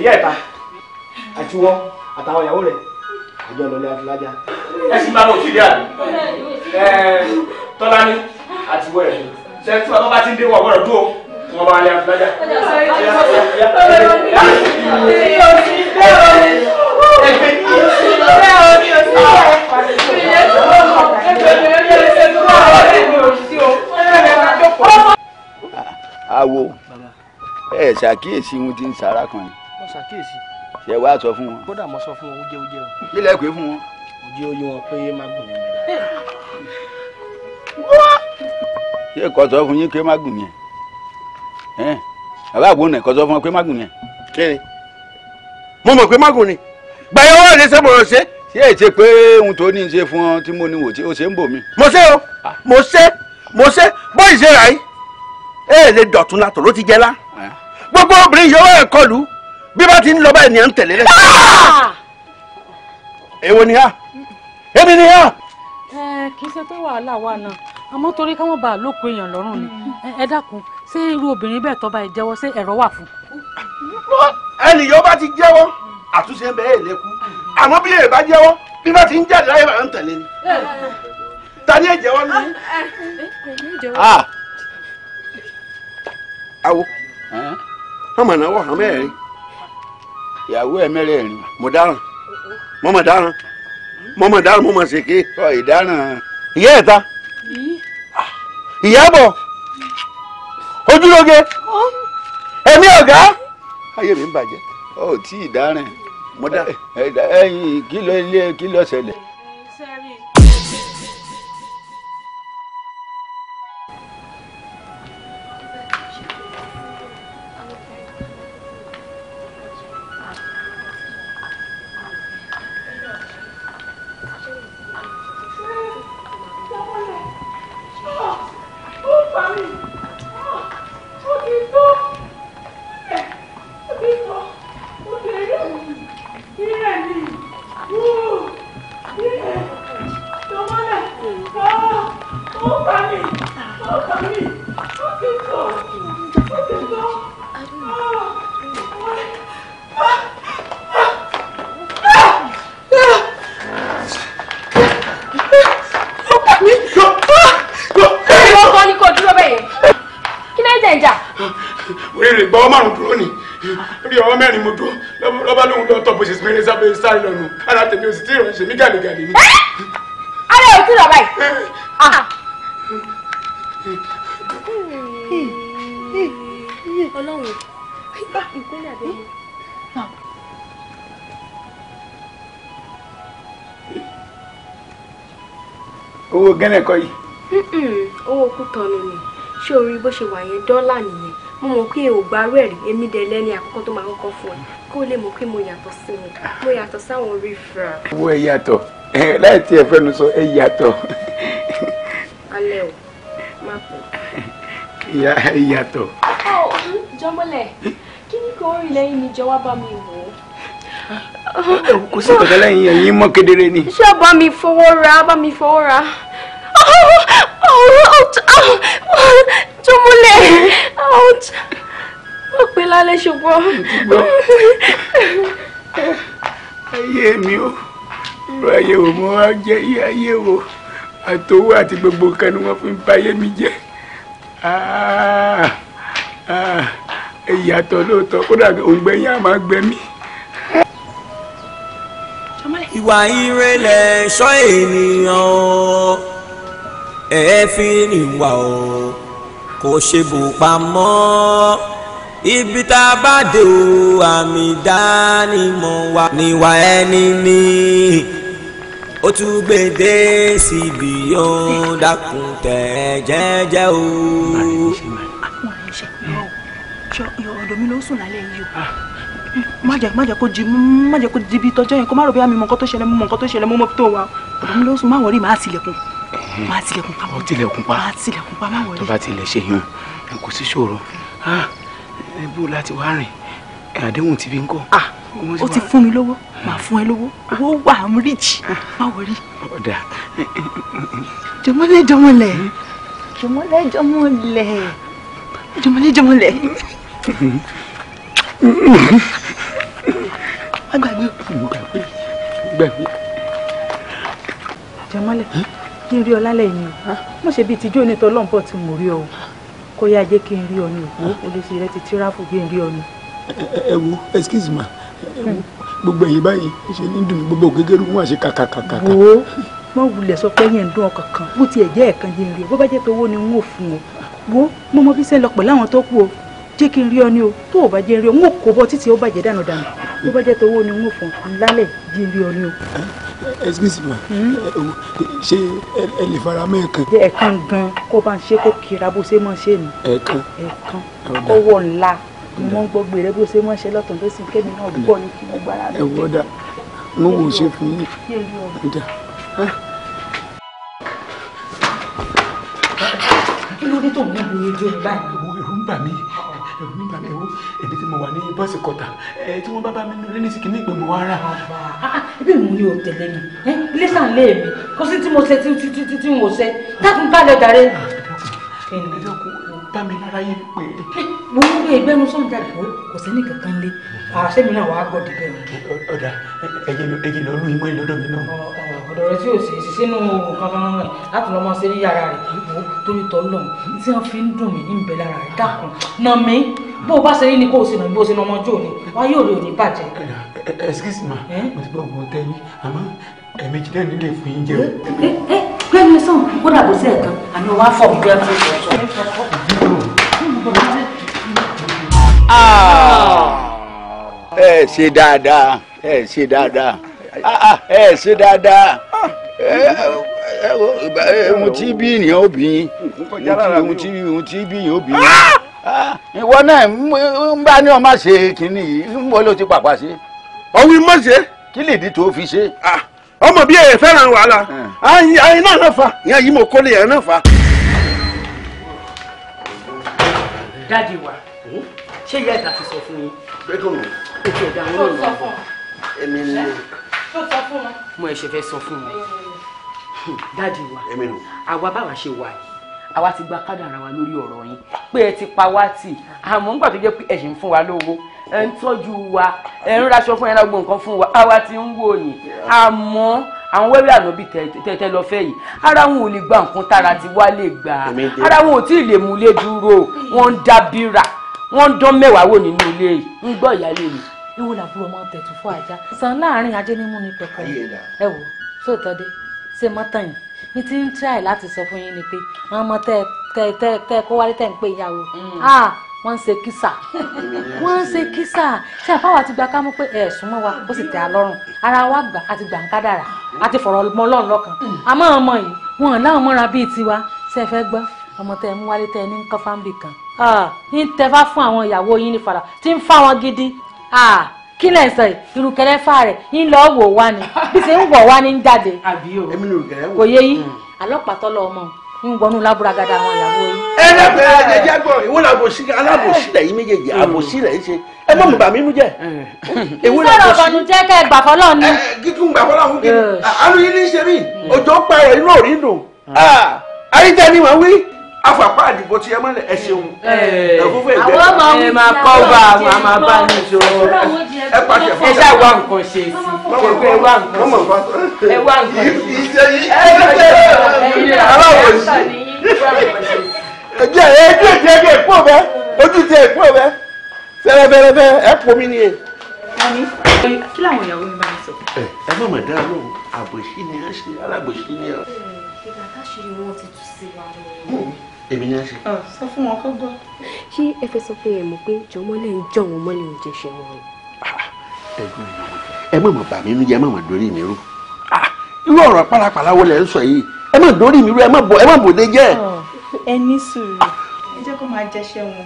ìyá ìta àtiwọ́ àtàwọn ìyàwó rẹ̀ ẹjọ́ lọlé afúlájà. ẹ sì máa mọ òtí dé àná tọ́lání àti wẹ̀rẹ̀ ṣe tí wọn bá ti ń dé wọn wọ́n dúró kí wọ́n bá lé afúlájà. awo ẹ ṣàkíyèsí ohun tí ń sara kan yìí. mo ṣàkíyèsí ṣe wá sọ fún wọn. kódà mo sọ fún wọn ó jẹ́ ó jẹ́ o. fún wọn. ojú oyún wọn pé má gùn mí. ṣé kò sọ fún yín pé má gùn yẹn bàbá àbúrò náà kò sọ fún wọn pé má gùn yẹn. kí mo mọ̀ pé má ni gbàyẹ̀ wọ́n rẹ̀ ṣe mọ̀ràn ṣe ṣé ẹ ṣe pé ohun tó ní ṣe fún ọ tí mo ní wò tí ṣe ń bò mí. mo ṣe o mo ṣe mo ṣe bóyì ṣe rà yìí ẹ lè dọ̀tún látọ̀ ló ti jẹ lá gbogbo obìnrin yóò rẹ̀ kọlù bí bá ti ń lọ báyìí ni à ń tẹ̀lé lẹ́sẹ̀. èwo ni a èmi ni a. ẹ kì í ṣe pé wàhálà wà náà àmọ́ torí káwọn bá a lóko èèyàn lọ́rùn ni ẹ dákun ṣé irú obìnrin bẹ́ẹ̀ tọ́ba ìjẹ́wọ́ ṣé ẹ̀rọ wà fún. ẹnìyàn bá ti jẹ́wọ́ àtúnṣe ń bẹ ẹ̀ lẹ́kú àmọ́ bí èèyàn bá jẹ́wọ́ bí bá ti ń jáde láyé bá ń tẹ̀lé ni. ta ni ẹ jẹ́wọ́ ní. àwo ọmọ náà hàn mẹ́rin ìyàwó ẹ mẹ́rẹ̀ẹ̀rin. mo dáràn mo mọ̀ dáràn mo mọ̀ dáràn mo mọ̀ ṣèké. ọ ìdáràn. ìyá ẹ̀ ta ìyábọ̀ ojúlóge ẹ̀mí ọ̀gá. ayé mi ń bàjẹ́ ọ ò tí ì dáràn ẹ̀yìn kí ló ṣẹlẹ̀. náà ni mo dùn lọ́ba lóhun lọ tọ́ bó ṣe péré sábẹ́ sáré lọ́nu ara tèmi ò sì tí ìrànṣẹ́ mi gàlégàlé ni. ara ò tí lọ báyìí. Ah! ọlọ́run ìpínlẹ̀ àbẹ̀wò. owó gẹ́nẹ̀ kọ́ yìí. owó kútọ́nù ni ṣé orí bó ṣe wà yẹn dọ́là nìyẹn mo mọ̀ pé o gbárù ẹ̀rí èmi dẹ̀ lẹ́ni àkọ́kọ́ tó máa kọ́kọ́ fún ẹ kó o lè mọ̀ pé mo yàtọ̀ sí mi mo yàtọ̀ sáwọn rífra. owó ẹ yàtọ̀ láì tí ẹ fẹ́nu sọ ẹ yàtọ̀. alẹ́ o má pọ̀. ìyá ẹ yàtọ̀. Oh, jọmọlẹ kí ni kò rí lẹ́yìn mi jọ wá bá mi wò ó. kò sí kankan lẹ́yìn ẹ̀yìn mọ́ kedere ni. ṣé bá mi fọwọ́ ra bá mi fọwọ́ ra. Oh, oh, túmúlẹ̀ out wọ́n pè lálẹ́ ṣùgbọ́n. ayé mi o irú ayé wo mo wá jẹ́ iye ayé wo àtòwò àti gbogbo nǹkan ni wọ́n fi ń ba ayé mi jẹ́ ìyàtọ̀ ah, ah, lóòótọ́ kódà òǹgbẹ́yìn àmọ́ gbẹ̀mí ìwà ìrẹ̀lẹ̀ ṣọ́ ènìyàn ẹ fi ìwà o kò ṣe bò pamọ́ ibi tá a bá dé o àmì ìdánimọ̀ wa níwà ẹni ní ó tún gbèdé síbi yóò dákun tẹ̀ jẹ́jẹ́ o. ọ̀dọ̀ mi ló ń má jẹ má jẹ kó jí má jẹ kó jí bí tọjọ yẹn kó má rò bí àmì mọ nǹkan tó ṣẹlẹ̀ mọ nǹkan tó ṣẹlẹ̀ mọ mọ tó wa ọdún ló sùn má wọrí má sílẹ̀kùn má tilẹ̀kùn pa má tilẹ̀kùn pa má tilẹ̀kùn pa má wọlé tó bá tilẹ̀ ṣe yàn kò sí ṣòro ibo ah. láti wá rìn àdéhùn ti fi ń kọ. o ah, ti fún mi lówó màá fún ẹ lówó ah. owó wà á rich má wọrí. ọ̀dà jọmọlẹ jọmọlẹ hmm? jọmọlẹ jọmọlẹ jọmọlẹ jọmọlẹ. wá gbàgbé gbàgbé jọmọlẹ. Hmm? kí n rí ọ lálẹ́ yìí o mo ṣe bíi tíjú onítọ̀ lọ́nbọ̀ tí mo rí ọ o kó yá jẹ́ kí n rí ọ ní òkú olùsí rẹ ti tíráfù kí n rí ọ ní. ẹ wo excuse ma gbogbo ẹ̀yin báyìí ṣe ní dùn gbogbo ògégérú wọn àṣẹ kàkàkàkà. wo mo wulẹ̀ sọ pé yẹn ń dún ọkàn kan bó tiẹ̀ jẹ́ ẹ̀kan jẹ́ n rí ọ bó bá jẹ́ pé owó ni n ó fún ọ wo mo mọ bí sẹ́ lọ pẹ̀lú àwọn tó kù o jẹ́ kí n rí ọ ní o tó o bá jẹ́ n rí ọ n ó kó bọ́ títí ó bàjẹ́ dànù dànù bó bá jẹ́ pé owó ni n ó fún ọ lálẹ́ jẹ́ rí ọ ní o excuse me hmm? eh, oh, ṣé ẹ lè fara mọ́ ẹ̀kan. ẹ̀kan gan kó bá ń ṣe kó kira bó ṣe máa ṣe ni. ẹ̀kan ẹ̀kan owó ńlá ni wọ́n gbọ́ gbèrè bó ṣe máa ṣe lọ́tàn tó sì kémi náà gbọ́ ní kí wọ́n gbára lókè. ẹ̀wọ́ dà ń wò ṣe fún yín. kí ló dé tó ń mú ojú ẹ báyìí. ẹ̀rù ń bà mí ẹ̀rù nígbà mi ẹ̀wọ́ ẹ̀bí tí mo wà ní bọ́ọ̀sì kọta ẹ̀ tí wọ́n bá bá mi lé ní sìkì ní ìpè mo wá rà. ibi mi lé o tẹ̀lé mi ilé sàn lé mi kò sí tí mo ṣe tí tí mo ṣe dákun balẹ̀ dàrẹ́. ẹ̀dọ́kùn bá mi lára yé pé. mo ń gbé ìgbẹ́nu sọ̀njà kò sẹ́ni kankan lé àṣẹ mi náà wàá gbọ́ dìbẹ́ mi. ọ̀dà ẹ̀jẹ̀ lọ lú imú ẹ̀ lọ́dọ̀ mi náà. ọ̀dọ̀ rẹ tí o sì sínú oògùn kankan náà láti lọ́mọ sí ní yàrá rẹ̀ wò torí tọ́ lọ́hùn tí wọ́n fi ń dùn mí ń bẹ lára dákun nà mí bó o bá ṣe rí ni kó o sì nà bí o ṣe nà ọmọ jò ni wọ́n yóò rí òní bàjẹ́. excuse ma mo ti gbọ́ gbọ́ tẹ́lẹ̀ àmọ́ ẹ̀ẹ̀mejì náà nílé fún yín jẹ́ o. gbẹ́mi sàn kó dàbò sí ẹ ṣe dáadáa ẹ ṣe dáadáa ah, ah, ẹ ṣe dáadáa ohun tí bí ènìyàn obìnrin ohun tí ohun tí bí ènìyàn obìnrin ah, ìwọ náà ń bá ní ọmọ ṣe kínní yìí ń bọ́ ló ti pàpà ṣe. ọ̀hún mọ̀ ṣe. kí lèdí tó fi ṣe. ọmọ bíi ẹ fẹ́ràn wàhálà ayin náà náà fa ìyá yìí mo kọ́lé ẹ̀ náà fa. dáàdi wa hmm? ṣé ìyá ìta ti sọ fún yín. bẹ́ẹ̀ tó nù. ètò ẹ̀dá àwọn olóòrùn ọ̀bọ̀ èmi ni mo ẹ̀ṣẹ̀ fẹ́ sọ fún mi hmm, dáàdi wa àwa báwa ṣe wà yìí àwa ti gba kádàrà wa lórí ọ̀rọ̀ yín pé ẹ ti pa wá tì àmọ́ nígbà tó jẹ́ pé ẹ ṣì ń fún wa lówó ẹ ń tọ́jú wa ẹ ń raṣọ fún ẹ náà gbọ̀n nǹkan fún wa àwa ti ń wò yín àmọ́ àwọn wẹ́rẹ́ ànábì tẹ́tẹ́ lọ fẹ́ yìí ara wọn ò lè gba nǹkan tára tiwa lè gbà ara wọn ò tí ì lè múlé dúró wọn ń dábìrà wọ́n ń dán mẹ́wàá wò nínú ilé yìí ń gbọ́ ìyáálé mi. ìwọ làbúrò ọmọ tẹ̀tù fún ajá san láàrin ajé ní múni pẹ̀kọ́ ẹ wò sóòótọ́ dé ṣé mọ́tàn yìí ní ti ń tíráì láti sọ fún yín ni pé àwọn ọmọ tẹ tẹ tẹ kó wálé tẹ̀ ń pè ìyàwó mm. wọ́n ń ṣe kísà wọ́n ń ṣe kísà ṣé àfáwà ti gba kámú pé ẹ̀sùn mọ́ wa ó sì tẹ́ a lọ́rùn ara wa gbà àti gbà ń kádàrà àti fọ̀rọ̀ mọ́ ọlọ́run lọ́kàn àmọ́ ọmọ yìí wọn láwọn mọ́ra bíi tiwa ṣe fẹ́ gbọ́ ọmọ tẹ mú wálé tẹ ní kọ́fáǹbì kan ah, ní tẹfá fún àwọn ìyàwó yín ní fara tí ń fá wọn gidi kí lẹ̀ ń sọ yìí ìrùkẹ̀rẹ̀ fà rẹ̀ ń lọ wò wá ni bí ṣe ń wọ̀ wá ní ń jáde kò yé yín hmm. àlọ́pàá tọ́lọ́ ọmọ ń wọnú lábúragada àwọn ìyàwó yín. ẹ lẹ́gbẹ̀ẹ́ ajẹjẹ gbọ́ ìwé làbòsí alábòsí lẹ̀ yín méjèèjì hmm. àbòsí lẹ̀ yín ṣe ẹ mọ̀ mi bà mí nú jẹ́. Hmm. sọ̀rọ̀ ọ̀bọ̀nùjẹ́ kẹ́ gbà fọlọ́ ni. kíkún eh, eh, gbà fọlọ́ fún kí ni àlùyí ní í ṣe mí òjò pẹ̀rẹ̀ inú òrí dùn. àyíjẹ́ ah, ni wọ́n wí afapa àdìbò tí ẹ mọ ẹ ṣeun ẹfúnfẹ ìgbẹ ẹ máa kọ bá àwọn àmàbá ní ìṣòro ẹ pàṣẹ fún ẹ ṣáà wá nǹkan ṣe sí ẹ wá nǹkan ṣe ẹ wá nǹkan ṣe ẹ wá nǹkan ṣe ẹjẹ ẹjẹ ẹjẹ ẹjẹ èpò bẹ ojú ti èpò bẹ fẹrẹfẹrẹfẹ ẹ pò mí nìyẹn. kí làwọn ìyàwó mi bá ń sọ. ẹ ẹ má dá lóhùn àbòsí ni a ṣe alábòsí ni a. ìgbà tá a ṣe ni wọ́n ti tù sí wa lọ́wọ́ èmi náà ṣe. Ah, sọ fún wọn kó gbọ́. ṣé ẹ fẹ́ sọ pé ẹ mọ̀ pé jọmọ́lẹ̀ ń jọ wọn mọ́lẹ̀ ń jẹṣẹ́ wọn. ẹ̀gbọ́n mi ẹ má mà bà mí nú jẹ́ ẹ má mà dorí mi rú ah, irú ọ̀rọ̀ pàlàpàlà wo lẹ̀ ń sọ yìí ẹ má dorí mi rú ẹ má bò ẹ má bòde jẹ́. Ah, ẹ ní sùúrù ẹ jẹ́ kó máa jẹṣẹ́ wọn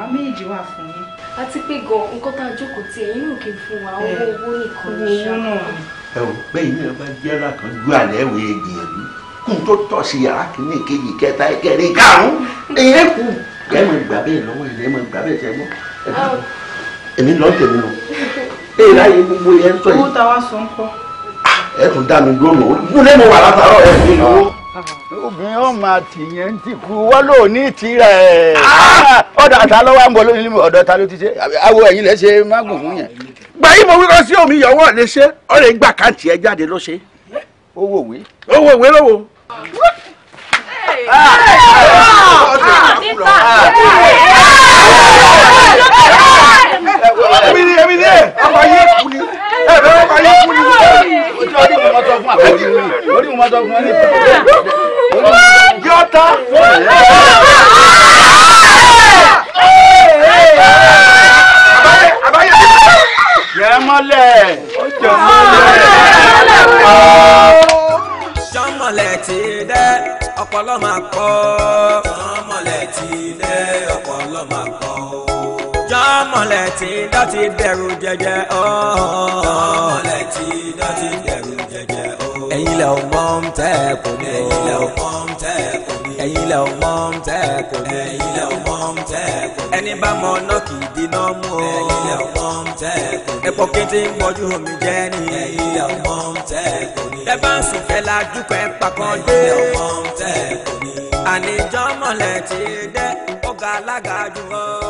àwọn méjì wà fún yín. àti pé gan nǹkan tá a jókòó tí ẹ̀yin ò kí fún wa owó eh, owó nìkan ní ṣáà. ẹ ò bẹ́ẹ̀ yìí n tó tọ̀ sí yàrá kìíní kejì kẹta kẹrin karùn-ún ẹ̀yìn ẹ̀kú ẹ̀ mọ̀ gbà bẹ́ẹ̀ lọ́wọ́ ẹ̀ ẹ̀ mọ̀ gbà bẹ́ẹ̀ sẹ́gbọ́ èmi lọ́ọ́ tèmi nù èyí láyé gbogbo yẹn ń tọ́ yìí. owó táwa sọ ń kọ́. ẹ tún dá mi dúró mọ́ mo lé mo wà látàárọ̀ ẹ̀ mi lọ́wọ́. obìnrin ọmọ àtìyẹn ti kú wọ́n lò ní tirẹ̀ ah! ọ̀dọ̀ àtà lọ́wọ́ à ń bọ̀ lónìí ta ló ti ṣe àwọ̀ ẹ̀yìn lẹ́ ṣe má fún yẹn. gbàyìí mo wíwọ sí omi yọwọ́ lè ṣe ọ̀rẹ́ gbà káàtì ẹ jáde ló ṣe. owó òwe. owó òwe lówó èmi ni Jẹ́mọ́lẹ̀ mọ̀lẹ̀ tí dẹ́ ọpọlọ máa kọ́. jọ́n ti tí dẹ́ ọpọlọ máa kọ́. jọ́n mọ̀lẹ̀ tí dọ́ ti dẹ̀rù jẹjẹ ọ́. jọ́n mọ̀lẹ̀ dọ́ ti dẹ̀rù jẹjẹ ọ́. ẹ̀yin lẹ ò mọ̀ ń tẹ́ kò ní. ẹ̀yin lẹ ò mọ̀ ń tẹ́ kò ní. ẹ̀yin lẹ ò mọ̀ ń tẹ́ kò ní. ẹ̀yin lẹ ò mọ̀ ẹni bá mọ ọ̀nà kì í dínà mú o ẹ̀pọ̀ kété ń bọ́jú omi jẹ́ ni ẹ bá ń sùn fẹ́ lajú kẹ́ pàkan dé àníjọ́ mọ̀lẹ́ ti dẹ́ ọ̀gá alága jù ọ́.